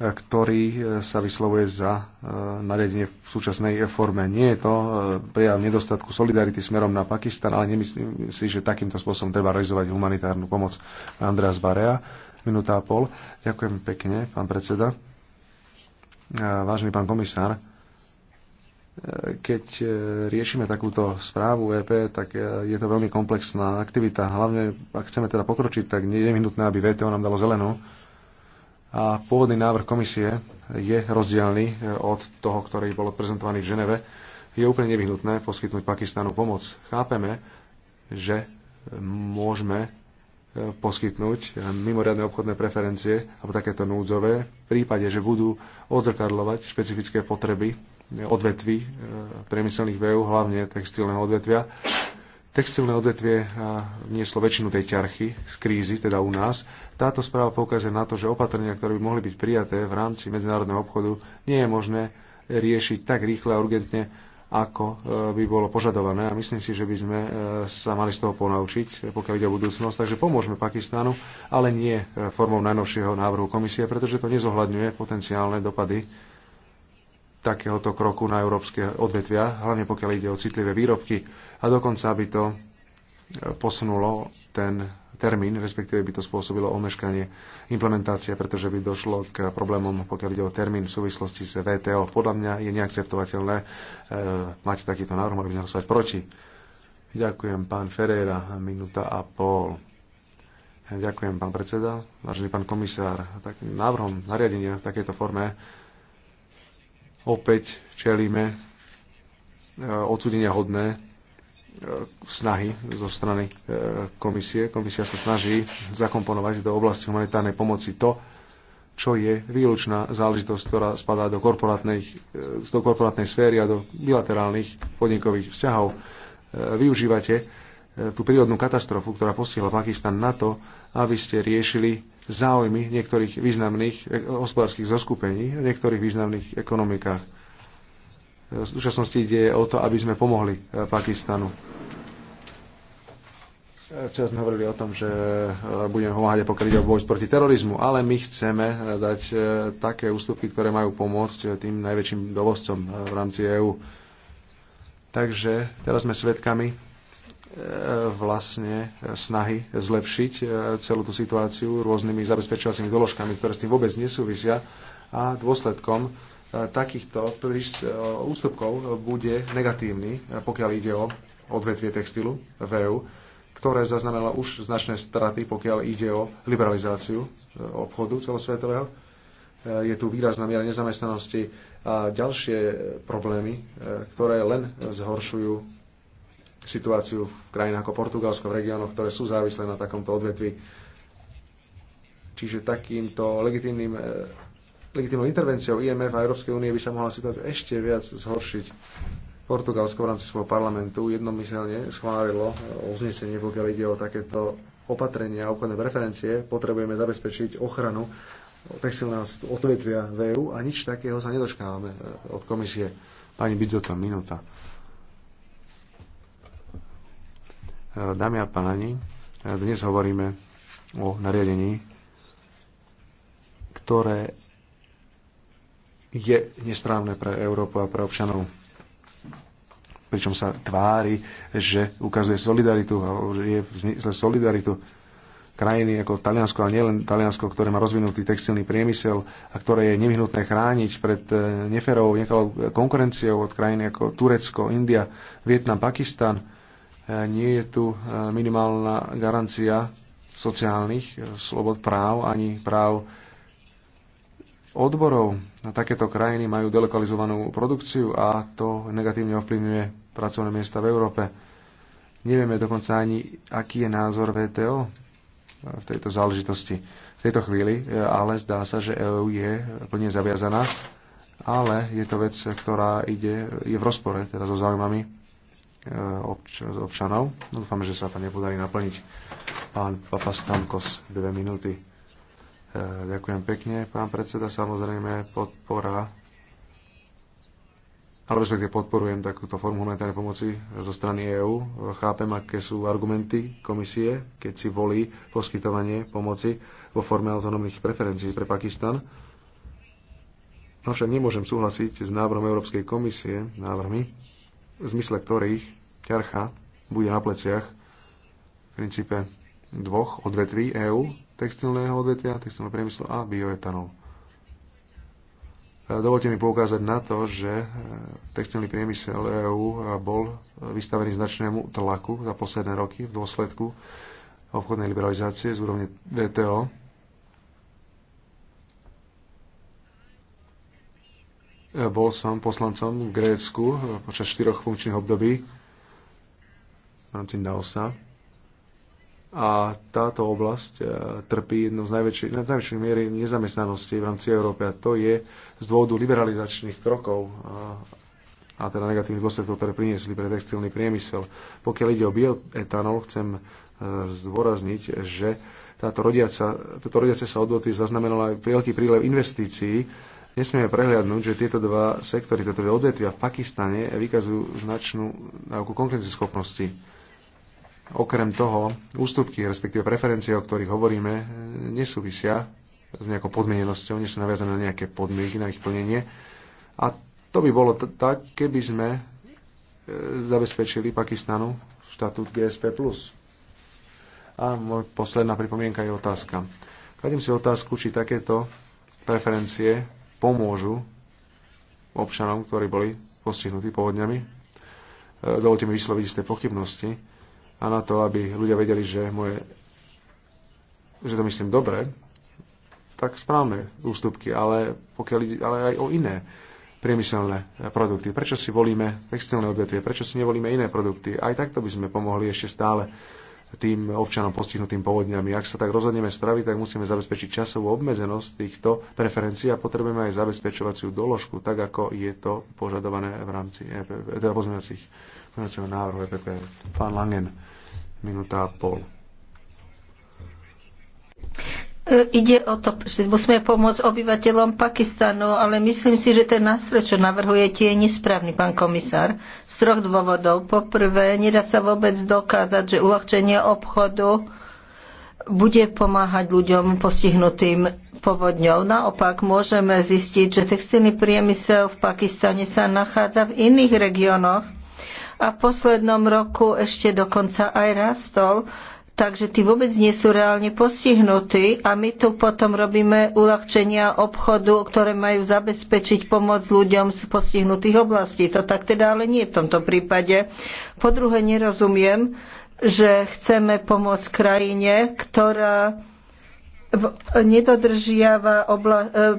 ktorý e, sa vyslovuje za e, nariadenie v súčasnej e, forme. Nie je to prijav nedostatku solidarity smerom na Pakistan, ale nemyslím si, že takýmto spôsobom treba realizovať humanitárnu pomoc. Andreas Barea, minúta a pol. Ďakujem pekne, pán predseda. Vážený pán komisár, keď e, riešime takúto správu EP, tak e, je to veľmi komplexná aktivita. Hlavne, ak chceme teda pokročiť, tak nie je nutné, aby VTO nám dalo zelenú. A pôvodný návrh komisie je rozdielný e, od toho, ktorý bol prezentovaný v Ženeve. Je úplne nevyhnutné poskytnúť Pakistanu pomoc. Chápeme, že môžeme poskytnúť mimoriadne obchodné preferencie alebo takéto núdzové v prípade, že budú odzrkadľovať špecifické potreby odvetví e, priemyselných vejú, hlavne textilného odvetvia. Textilné odvetvie e, nieslo väčšinu tej ťarchy z krízy, teda u nás. Táto správa poukazuje na to, že opatrenia, ktoré by mohli byť prijaté v rámci medzinárodného obchodu, nie je možné riešiť tak rýchle a urgentne, ako e, by bolo požadované. A myslím si, že by sme sa mali z toho ponaučiť, pokiaľ ide o budúcnosť. Takže pomôžeme Pakistanu, ale nie formou najnovšieho návrhu komisie, pretože to nezohľadňuje potenciálne dopady takéhoto kroku na európske odvetvia, hlavne pokiaľ ide o citlivé výrobky a dokonca by to e, posunulo ten termín, respektíve by to spôsobilo omeškanie implementácie, pretože by došlo k problémom, pokiaľ ide o termín v súvislosti s VTO. Podľa mňa je neakceptovateľné e, mať takýto návrh, mali by sme hlasovať proti. Ďakujem, pán Ferreira, minúta a pol. Ďakujem, pán predseda, vážený pán komisár. Tak návrhom nariadenia v takejto forme opäť čelíme e, odsudenia hodné e, snahy zo strany e, komisie. Komisia sa snaží zakomponovať do oblasti humanitárnej pomoci to, čo je výlučná záležitosť, ktorá spadá do korporátnej, do korporátnej sféry a do bilaterálnych podnikových vzťahov. Využívate tú prírodnú katastrofu, ktorá postihla Pakistan na to, aby ste riešili záujmy niektorých významných e, hospodárskych zoskupení v niektorých významných ekonomikách. E, v súčasnosti ide o to, aby sme pomohli e, Pakistanu. Včera sme hovorili o tom, že budeme pomáhať pokiaľ ide o boj proti terorizmu, ale my chceme dať také ústupky, ktoré majú pomôcť tým najväčším dovozcom v rámci EÚ. Takže teraz sme svedkami E, vlastne snahy zlepšiť e, celú tú situáciu rôznymi zabezpečovacími doložkami, ktoré s tým vôbec nesúvisia a dôsledkom e, takýchto ústupkov bude negatívny, pokiaľ ide o odvetvie textilu v EU, ktoré zaznamenalo už značné straty, pokiaľ ide o liberalizáciu obchodu celosvetového. Je tu výrazná miera nezamestnanosti a ďalšie problémy, ktoré len zhoršujú situáciu v krajinách ako Portugalsko, v regiónoch, ktoré sú závislé na takomto odvetvi. Čiže takýmto legitímnym, e, legitímnou intervenciou IMF a Európskej únie by sa mohla situácia ešte viac zhoršiť. Portugalsko v rámci svojho parlamentu jednomyselne schválilo e, uznesenie, pokiaľ ide o takéto opatrenia a obchodné preferencie. Potrebujeme zabezpečiť ochranu textilného odvetvia VÚ e a nič takého sa nedočkávame od komisie. Pani Bidzota, minúta. Dámy a páni, dnes hovoríme o nariadení, ktoré je nesprávne pre Európu a pre občanov. Pričom sa tvári, že ukazuje solidaritu a je v zmysle solidaritu krajiny ako Taliansko, ale nielen Taliansko, ktoré má rozvinutý textilný priemysel a ktoré je nevyhnutné chrániť pred e, neferovou, nekalou konkurenciou od krajiny ako Turecko, India, Vietnam, Pakistan E, nie je tu e, minimálna garancia sociálnych e, slobod práv ani práv odborov. na Takéto krajiny majú delokalizovanú produkciu a to negatívne ovplyvňuje pracovné miesta v Európe. Nevieme dokonca ani, aký je názor VTO v tejto záležitosti. V tejto chvíli ale zdá sa, že EU je plne zaviazaná, ale je to vec, ktorá ide, je v rozpore teda so záujmami E, obč- občanov. Dúfam, že sa to nepodarí naplniť. Pán Stankos, dve minúty. E, ďakujem pekne, pán predseda. Samozrejme, podpora ale respektive podporujem takúto formu humanitárnej pomoci zo strany EÚ. Chápem, aké sú argumenty komisie, keď si volí poskytovanie pomoci vo forme autonómnych preferencií pre Pakistan. Avšak nemôžem súhlasiť s návrhom Európskej komisie, návrhmi, v zmysle ktorých ťarcha bude na pleciach v princípe dvoch odvetví EÚ, textilného odvetvia, textilného priemyslu a bioetanol. E, dovolte mi poukázať na to, že e, textilný priemysel EÚ bol vystavený značnému tlaku za posledné roky v dôsledku obchodnej liberalizácie z úrovne VTO E, bol som poslancom v Grécku e, počas štyroch funkčných období v rámci Naosa A táto oblasť e, trpí jednou z najväčších, najväčších miery nezamestnanosti v rámci Európy. A to je z dôvodu liberalizačných krokov a, teda negatívnych dôsledkov, ktoré priniesli pre textilný priemysel. Pokiaľ ide o bioetanol, chcem zdôrazniť, že táto rodiaca, toto rodiace sa odvoty zaznamenalo aj veľký prílev investícií Nesmieme prehliadnúť, že tieto dva sektory, tieto dve odvetvia v Pakistane vykazujú značnú náuku konkurencieschopnosti. Okrem toho, ústupky, respektíve preferencie, o ktorých hovoríme, nesúvisia s nejakou podmienenosťou, nie sú naviazané na nejaké podmienky, na ich plnenie. A to by bolo tak, keby sme e, zabezpečili Pakistanu štatút GSP+. A môj posledná pripomienka je otázka. Kladím si otázku, či takéto preferencie pomôžu občanom, ktorí boli postihnutí povodňami. E, dovolte mi vysloviť isté pochybnosti a na to, aby ľudia vedeli, že, moje, že to myslím dobre, tak správne ústupky, ale, pokiaľ, ale aj o iné priemyselné e, produkty. Prečo si volíme textilné odvetvie? Prečo si nevolíme iné produkty? Aj takto by sme pomohli ešte stále tým občanom postihnutým povodňami. Ak sa tak rozhodneme spraviť, tak musíme zabezpečiť časovú obmedzenosť týchto preferencií a potrebujeme aj zabezpečovaciu doložku, tak ako je to požadované v rámci EPP, teda pozmeňovacích návrhu EPP. Pán Langen, minúta a pol. E, ide o to, že musíme pomôcť obyvateľom Pakistanu, ale myslím si, že ten nástroj, čo navrhujete, je nesprávny, pán komisár. Z troch dôvodov. Poprvé, nedá sa vôbec dokázať, že uľahčenie obchodu bude pomáhať ľuďom postihnutým povodňou. Naopak môžeme zistiť, že textilný priemysel v Pakistane sa nachádza v iných regiónoch a v poslednom roku ešte dokonca aj rastol takže tí vôbec nie sú reálne postihnutí a my tu potom robíme uľahčenia obchodu, ktoré majú zabezpečiť pomoc ľuďom z postihnutých oblastí. To tak teda ale nie v tomto prípade. Po druhé nerozumiem, že chceme pomôcť krajine, ktorá nedodržiava e,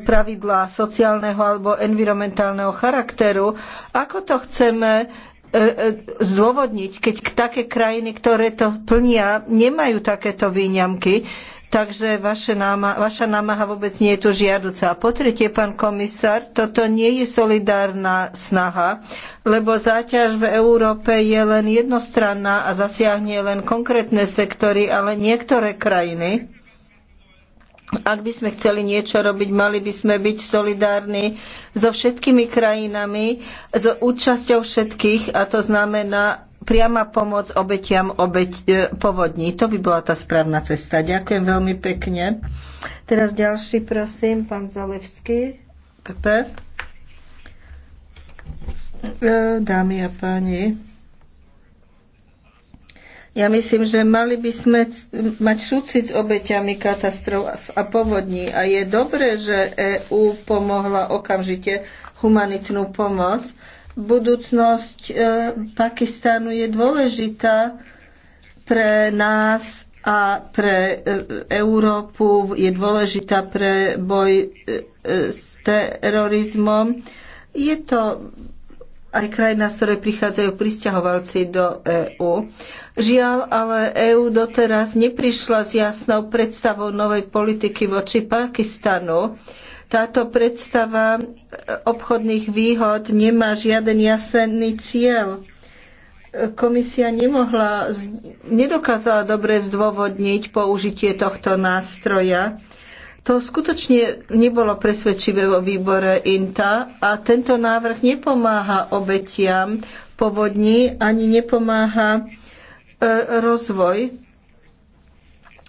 pravidlá sociálneho alebo environmentálneho charakteru. Ako to chceme E, e, zdôvodniť, keď také krajiny, ktoré to plnia, nemajú takéto výňamky. Takže vaše náma, vaša námaha vôbec nie je tu žiaduca. A po tretie, pán komisár, toto nie je solidárna snaha, lebo záťaž v Európe je len jednostranná a zasiahne len konkrétne sektory, ale niektoré krajiny ak by sme chceli niečo robiť, mali by sme byť solidárni so všetkými krajinami, s účasťou všetkých a to znamená priama pomoc obetiam obeť, e, povodní. To by bola tá správna cesta. Ďakujem veľmi pekne. Teraz ďalší, prosím, pán Zalevský. Pepe. E, dámy a páni, ja myslím, že mali by sme mať súcit s obeťami katastrof a povodní. A je dobré, že EÚ pomohla okamžite humanitnú pomoc. Budúcnosť e, Pakistánu je dôležitá pre nás a pre e, Európu, je dôležitá pre boj e, e s terorizmom. Je to aj krajina, z ktorej prichádzajú pristahovalci do EÚ. Žiaľ, ale EÚ doteraz neprišla s jasnou predstavou novej politiky voči Pakistanu. Táto predstava obchodných výhod nemá žiaden jasný cieľ komisia nemohla, nedokázala dobre zdôvodniť použitie tohto nástroja. To skutočne nebolo presvedčivé vo výbore INTA a tento návrh nepomáha obetiam povodní ani nepomáha E, rozvoj.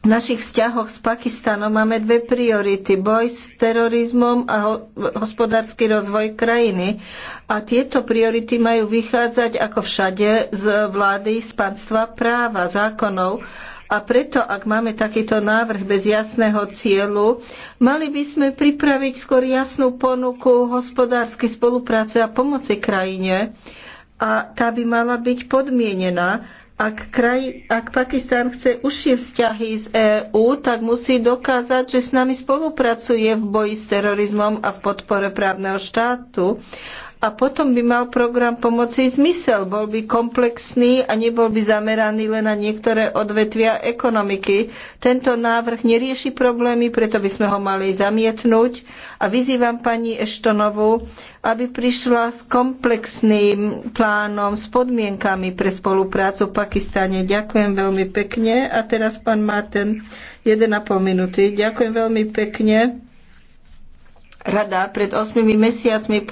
V našich vzťahoch s Pakistanom máme dve priority. Boj s terorizmom a hospodársky rozvoj krajiny. A tieto priority majú vychádzať ako všade z vlády, z panstva práva, zákonov. A preto, ak máme takýto návrh bez jasného cieľu, mali by sme pripraviť skôr jasnú ponuku hospodárskej spolupráce a pomoci krajine. A tá by mala byť podmienená ak, kraj, ak Pakistan chce užšie vzťahy z EÚ, tak musí dokázať, že s nami spolupracuje v boji s terorizmom a v podpore právneho štátu a potom by mal program pomoci zmysel. Bol by komplexný a nebol by zameraný len na niektoré odvetvia ekonomiky. Tento návrh nerieši problémy, preto by sme ho mali zamietnúť. A vyzývam pani Eštonovu, aby prišla s komplexným plánom, s podmienkami pre spoluprácu v Pakistane. Ďakujem veľmi pekne. A teraz pán Martin, 1,5 minúty. Ďakujem veľmi pekne. Rada pred 8 mesiacmi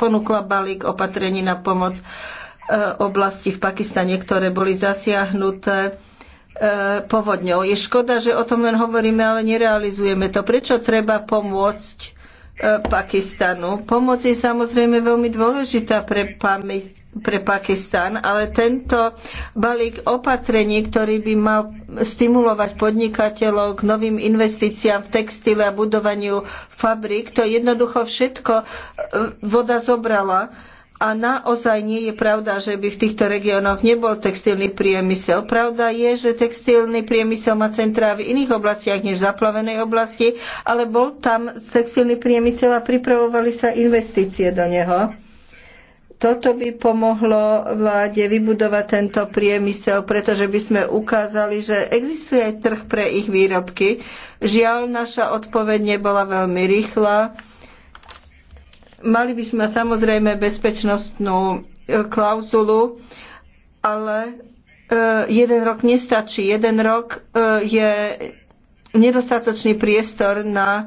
ponúkla balík opatrení na pomoc e, oblasti v Pakistane, ktoré boli zasiahnuté e, povodňou. Je škoda, že o tom len hovoríme, ale nerealizujeme to. Prečo treba pomôcť e, Pakistanu? Pomoc je samozrejme veľmi dôležitá pre pamäť pre Pakistan, ale tento balík opatrení, ktorý by mal stimulovať podnikateľov k novým investíciám v textile a budovaniu fabrík, to jednoducho všetko e, voda zobrala. A naozaj nie je pravda, že by v týchto regiónoch nebol textilný priemysel. Pravda je, že textilný priemysel má centrá v iných oblastiach než v zaplavenej oblasti, ale bol tam textilný priemysel a pripravovali sa investície do neho. Toto by pomohlo vláde vybudovať tento priemysel, pretože by sme ukázali, že existuje aj trh pre ich výrobky. Žiaľ, naša odpoveď nebola veľmi rýchla. Mali by sme samozrejme bezpečnostnú e, klauzulu, ale e, jeden rok nestačí. Jeden rok e, je nedostatočný priestor na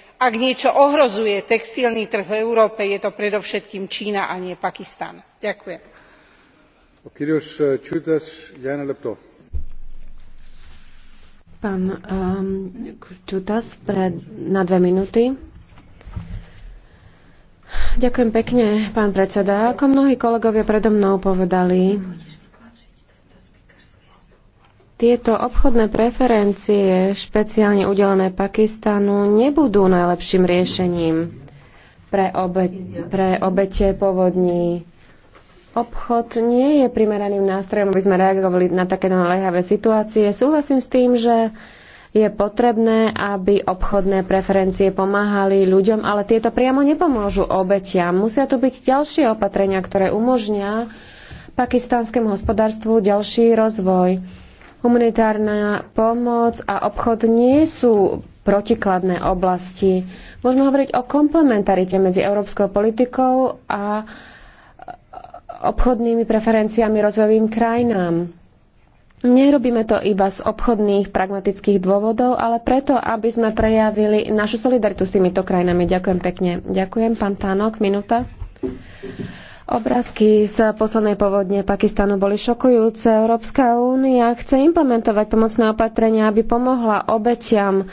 ak niečo ohrozuje textilný trh v európe je to predovšetkým čína a nie pakistan. ďakujem. Eh, ehm, ďakujem pekne, pán predseda. Ako mnohí kolegovia predo mnou povedali, tieto obchodné preferencie, špeciálne udelené Pakistanu, nebudú najlepším riešením pre, obe, pre obete povodní. Obchod nie je primeraným nástrojom, aby sme reagovali na takéto naliehavé situácie. Súhlasím s tým, že je potrebné, aby obchodné preferencie pomáhali ľuďom, ale tieto priamo nepomôžu obetiam. Musia tu byť ďalšie opatrenia, ktoré umožnia pakistánskemu hospodárstvu ďalší rozvoj. Humanitárna pomoc a obchod nie sú protikladné oblasti. Môžeme hovoriť o komplementarite medzi európskou politikou a obchodnými preferenciami rozvojovým krajinám. Nerobíme to iba z obchodných pragmatických dôvodov, ale preto, aby sme prejavili našu solidaritu s týmito krajinami. Ďakujem pekne. Ďakujem, pán Tánok, minúta. Obrázky z poslednej povodne Pakistanu boli šokujúce. Európska únia chce implementovať pomocné opatrenia, aby pomohla obetiam e,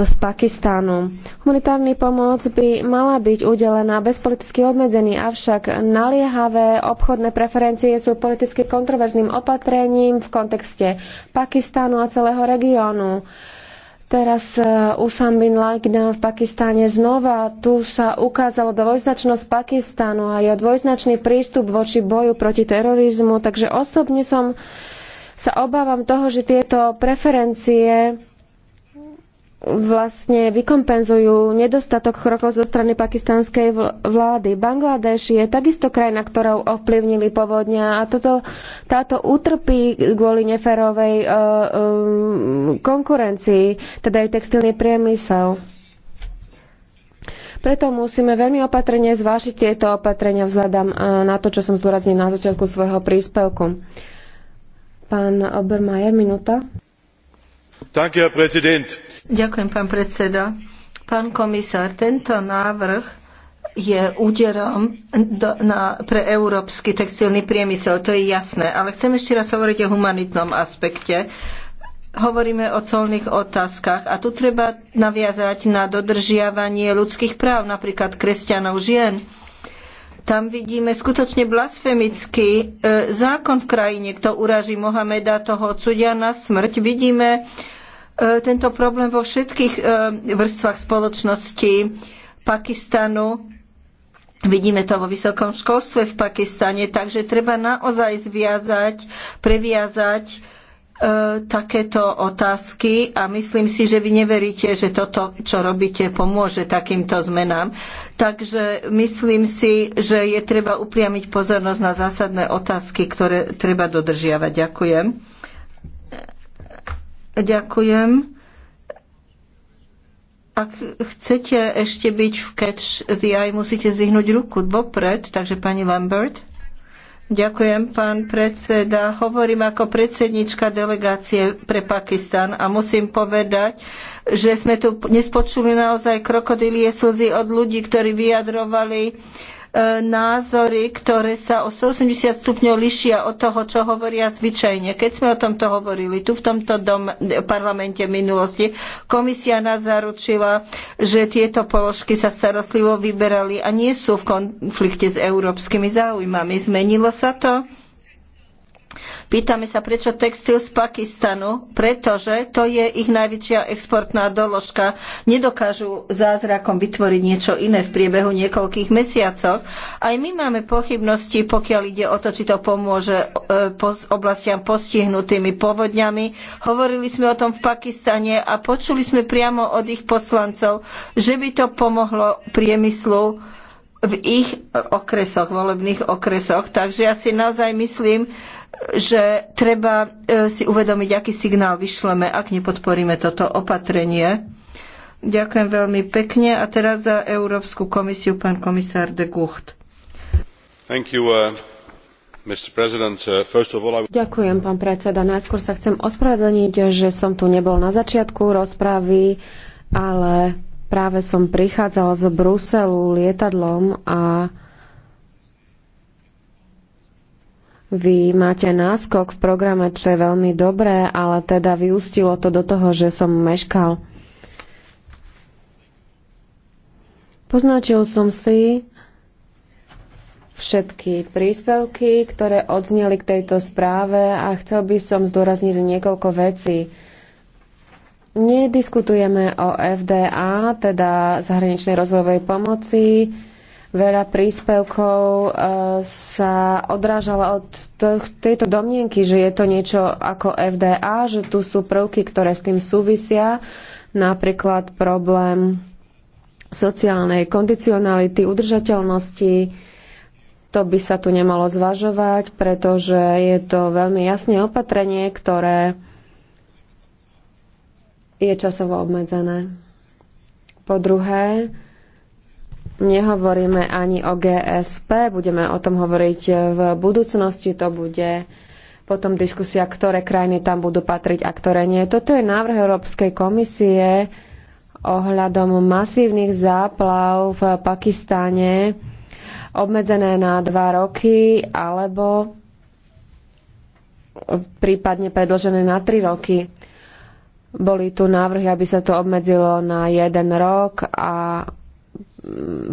z Pakistanu. Humanitárna pomoc by mala byť udelená bez politicky obmedzení, avšak naliehavé obchodné preferencie sú politicky kontroverzným opatrením v kontexte Pakistanu a celého regiónu. Teraz e, Usam bin Laden v Pakistáne znova. Tu sa ukázala dvojznačnosť Pakistánu a jeho dvojznačný prístup voči boju proti terorizmu. Takže osobne som sa obávam toho, že tieto preferencie vlastne vykompenzujú nedostatok krokov zo strany pakistanskej vlády. Bangladeš je takisto krajina, ktorou ovplyvnili povodňa a toto, táto utrpí kvôli neférovej uh, um, konkurencii, teda aj textilný priemysel. Preto musíme veľmi opatrne zvážiť tieto opatrenia vzhľadom e, na to, čo som zdôraznil na začiatku svojho príspevku. Pán Obermajer, minúta. Ďakujem, pán predseda. Pán komisár, tento návrh je úderom do, na, pre európsky textilný priemysel, to je jasné. Ale chcem ešte raz hovoriť o humanitnom aspekte. Hovoríme o colných otázkach a tu treba naviazať na dodržiavanie ľudských práv, napríklad kresťanov žien. Tam vidíme skutočne blasfemický e, zákon v krajine, kto uraží Mohameda, toho odsudia na smrť. Vidíme e, tento problém vo všetkých e, vrstvách spoločnosti Pakistanu. Vidíme to vo vysokom školstve v Pakistane, takže treba naozaj zviazať, previazať E, takéto otázky a myslím si, že vy neveríte, že toto, čo robíte, pomôže takýmto zmenám. Takže myslím si, že je treba upriamiť pozornosť na zásadné otázky, ktoré treba dodržiavať. Ďakujem. Ďakujem. Ak chcete ešte byť v catch the eye, musíte zdvihnúť ruku vopred, takže pani Lambert. Ďakujem, pán predseda. Hovorím ako predsednička delegácie pre Pakistan a musím povedať, že sme tu nespočuli naozaj krokodílie slzy od ľudí, ktorí vyjadrovali E, názory, ktoré sa o 180 stupňov lišia od toho, čo hovoria zvyčajne. Keď sme o tomto hovorili tu v tomto dom, e, parlamente v minulosti, komisia nás zaručila, že tieto položky sa starostlivo vyberali a nie sú v konflikte s európskymi záujmami. Zmenilo sa to? Pýtame sa, prečo textil z Pakistanu? Pretože to je ich najväčšia exportná doložka. Nedokážu zázrakom vytvoriť niečo iné v priebehu niekoľkých mesiacoch. Aj my máme pochybnosti, pokiaľ ide o to, či to pomôže e, oblastiam postihnutými povodňami. Hovorili sme o tom v Pakistane a počuli sme priamo od ich poslancov, že by to pomohlo priemyslu v ich okresoch, volebných okresoch. Takže ja si naozaj myslím, že treba e, si uvedomiť, aký signál vyšleme, ak nepodporíme toto opatrenie. Ďakujem veľmi pekne. A teraz za Európsku komisiu pán komisár de Gucht. Thank you, uh... uh Ďakujem, pán predseda. Najskôr sa chcem ospravedlniť, že som tu nebol na začiatku rozpravy, ale Práve som prichádzala z Bruselu lietadlom a Vy máte náskok v programe, čo je veľmi dobré, ale teda vyústilo to do toho, že som meškal. Poznačil som si všetky príspevky, ktoré odzneli k tejto správe a chcel by som zdôrazniť niekoľko vecí. Nediskutujeme o FDA, teda zahraničnej rozvojovej pomoci. Veľa príspevkov e, sa odrážala od tejto domnienky, že je to niečo ako FDA, že tu sú prvky, ktoré s tým súvisia, napríklad problém sociálnej kondicionality, udržateľnosti. To by sa tu nemalo zvažovať, pretože je to veľmi jasné opatrenie, ktoré je časovo obmedzené. Po druhé, nehovoríme ani o GSP, budeme o tom hovoriť v budúcnosti, to bude potom diskusia, ktoré krajiny tam budú patriť a ktoré nie. Toto je návrh Európskej komisie ohľadom masívnych záplav v Pakistáne obmedzené na dva roky alebo prípadne predložené na tri roky. Boli tu návrhy, aby sa to obmedzilo na jeden rok a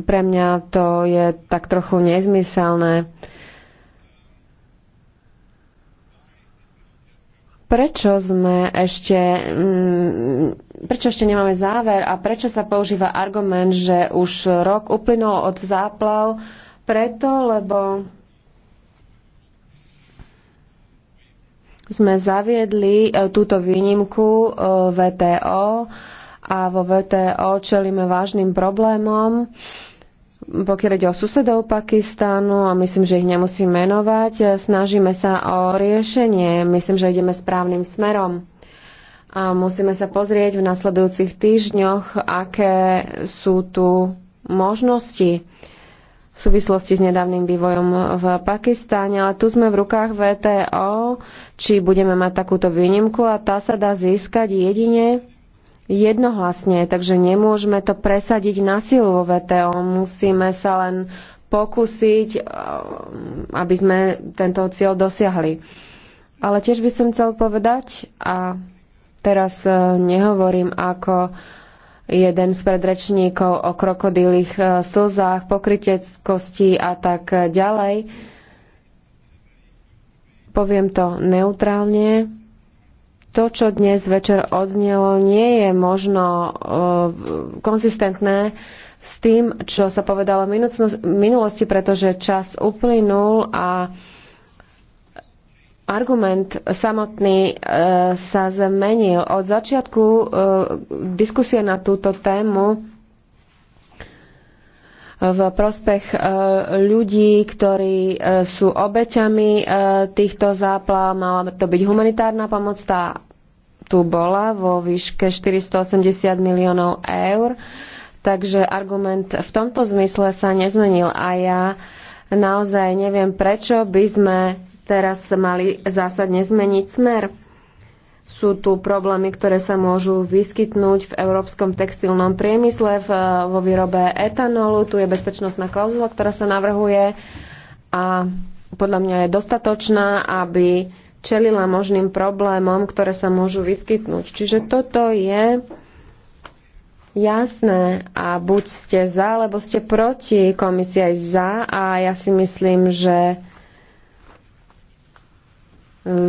pre mňa to je tak trochu nezmyselné. prečo sme ešte, mm, prečo ešte nemáme záver a prečo sa používa argument, že už rok uplynul od záplav, preto, lebo sme zaviedli e, túto výnimku e, VTO a vo VTO čelíme vážnym problémom pokiaľ ide o susedov Pakistánu a myslím, že ich nemusím menovať, e, snažíme sa o riešenie. Myslím, že ideme správnym smerom. A musíme sa pozrieť v nasledujúcich týždňoch, aké sú tu možnosti v súvislosti s nedávnym vývojom v Pakistáne, ale tu sme v rukách VTO, či budeme mať takúto výnimku a tá sa dá získať jedine jednohlasne, takže nemôžeme to presadiť na silu vo VTO, musíme sa len pokúsiť, eh, aby sme tento cieľ dosiahli. Ale tiež by som chcel povedať, a teraz eh, nehovorím ako jeden z predrečníkov o krokodílých e, slzách, pokriteckosti a tak ďalej. Poviem to neutrálne. To, čo dnes večer odznelo, nie je možno uh, konzistentné s tým, čo sa povedalo v minulosti, pretože čas uplynul a uh, argument samotný e, sa zmenil. Od začiatku e, diskusie na túto tému e, v prospech e, ľudí, ktorí e, sú obeťami týchto záplav. Mala to byť humanitárna pomoc, tá tu bola vo výške 480 miliónov eur. Takže argument v tomto zmysle sa nezmenil a ja naozaj neviem, prečo by sme teraz mali zásadne zmeniť smer. Sú tu problémy, ktoré sa môžu vyskytnúť v európskom textilnom priemysle v, vo výrobe etanolu. Tu je bezpečnostná klauzula, ktorá sa navrhuje a podľa mňa je dostatočná, aby čelila možným problémom, ktoré sa môžu vyskytnúť. Čiže toto je jasné a buď ste za, alebo ste proti, komisia je za a ja si myslím, že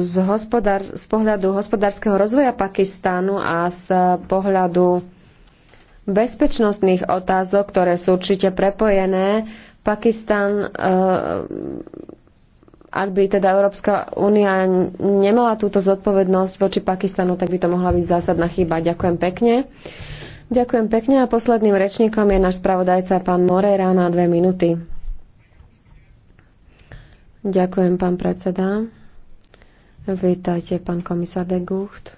z, hospodár, z pohľadu hospodárskeho rozvoja Pakistánu a z pohľadu bezpečnostných otázok, ktoré sú určite prepojené, Pakistan, e, ak by teda Európska únia nemala túto zodpovednosť voči Pakistanu, tak by to mohla byť zásadná chyba. Ďakujem pekne. Ďakujem pekne a posledným rečníkom je náš spravodajca pán Morera na dve minúty. Ďakujem, pán predseda. Vítajte, pán komisár de Gucht.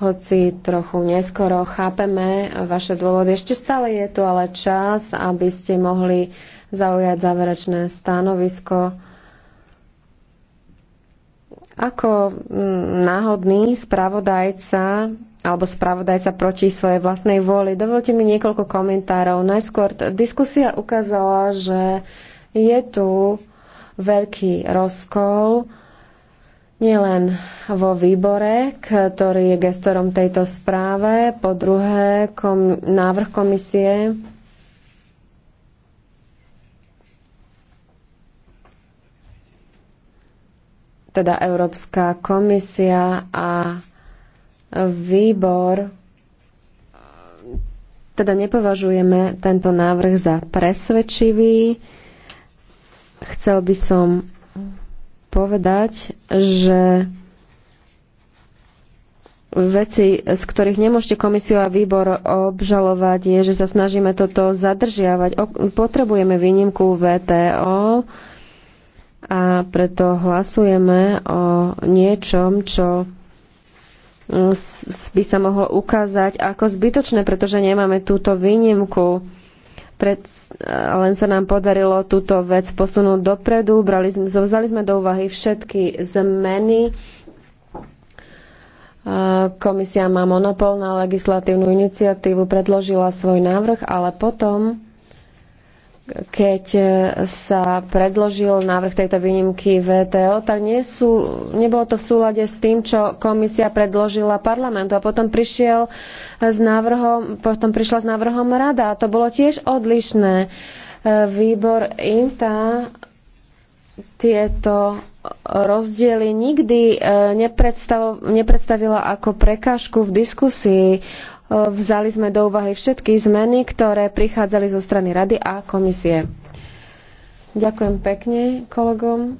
Hoci trochu neskoro chápeme vaše dôvody, ešte stále je tu ale čas, aby ste mohli zaujať záverečné stanovisko. Ako mm, náhodný spravodajca alebo spravodajca proti svojej vlastnej vôli. Dovolte mi niekoľko komentárov. Najskôr diskusia ukázala, že je tu veľký rozkol nielen vo výbore, ktorý je gestorom tejto správe, po druhé kom, návrh komisie teda Európska komisia a výbor teda nepovažujeme tento návrh za presvedčivý. Chcel by som povedať, že veci, z ktorých nemôžete komisiu a výbor obžalovať, je, že sa snažíme toto zadržiavať. Potrebujeme výnimku VTO a preto hlasujeme o niečom, čo by sa mohlo ukázať ako zbytočné, pretože nemáme túto výnimku. Pred, len sa nám podarilo túto vec posunúť dopredu. Brali sme, sme do úvahy všetky zmeny. Eh, komisia má monopol na legislatívnu iniciatívu, predložila svoj návrh, ale potom keď e, sa predložil návrh tejto výnimky VTO, tak nie sú, nebolo to v súlade s tým, čo komisia predložila parlamentu. A potom, prišiel s návrhom, potom prišla s návrhom rada. A to bolo tiež odlišné. E, výbor INTA tieto rozdiely nikdy e, nepredstavila ako prekážku v diskusii Vzali sme do úvahy všetky zmeny, ktoré prichádzali zo strany Rady a komisie. Ďakujem pekne kolegom.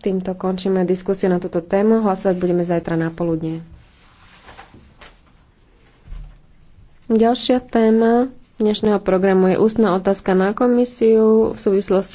Týmto končíme diskusiu na túto tému. Hlasovať budeme zajtra na poludne. Ďalšia téma dnešného programu je ústna otázka na komisiu v súvislosti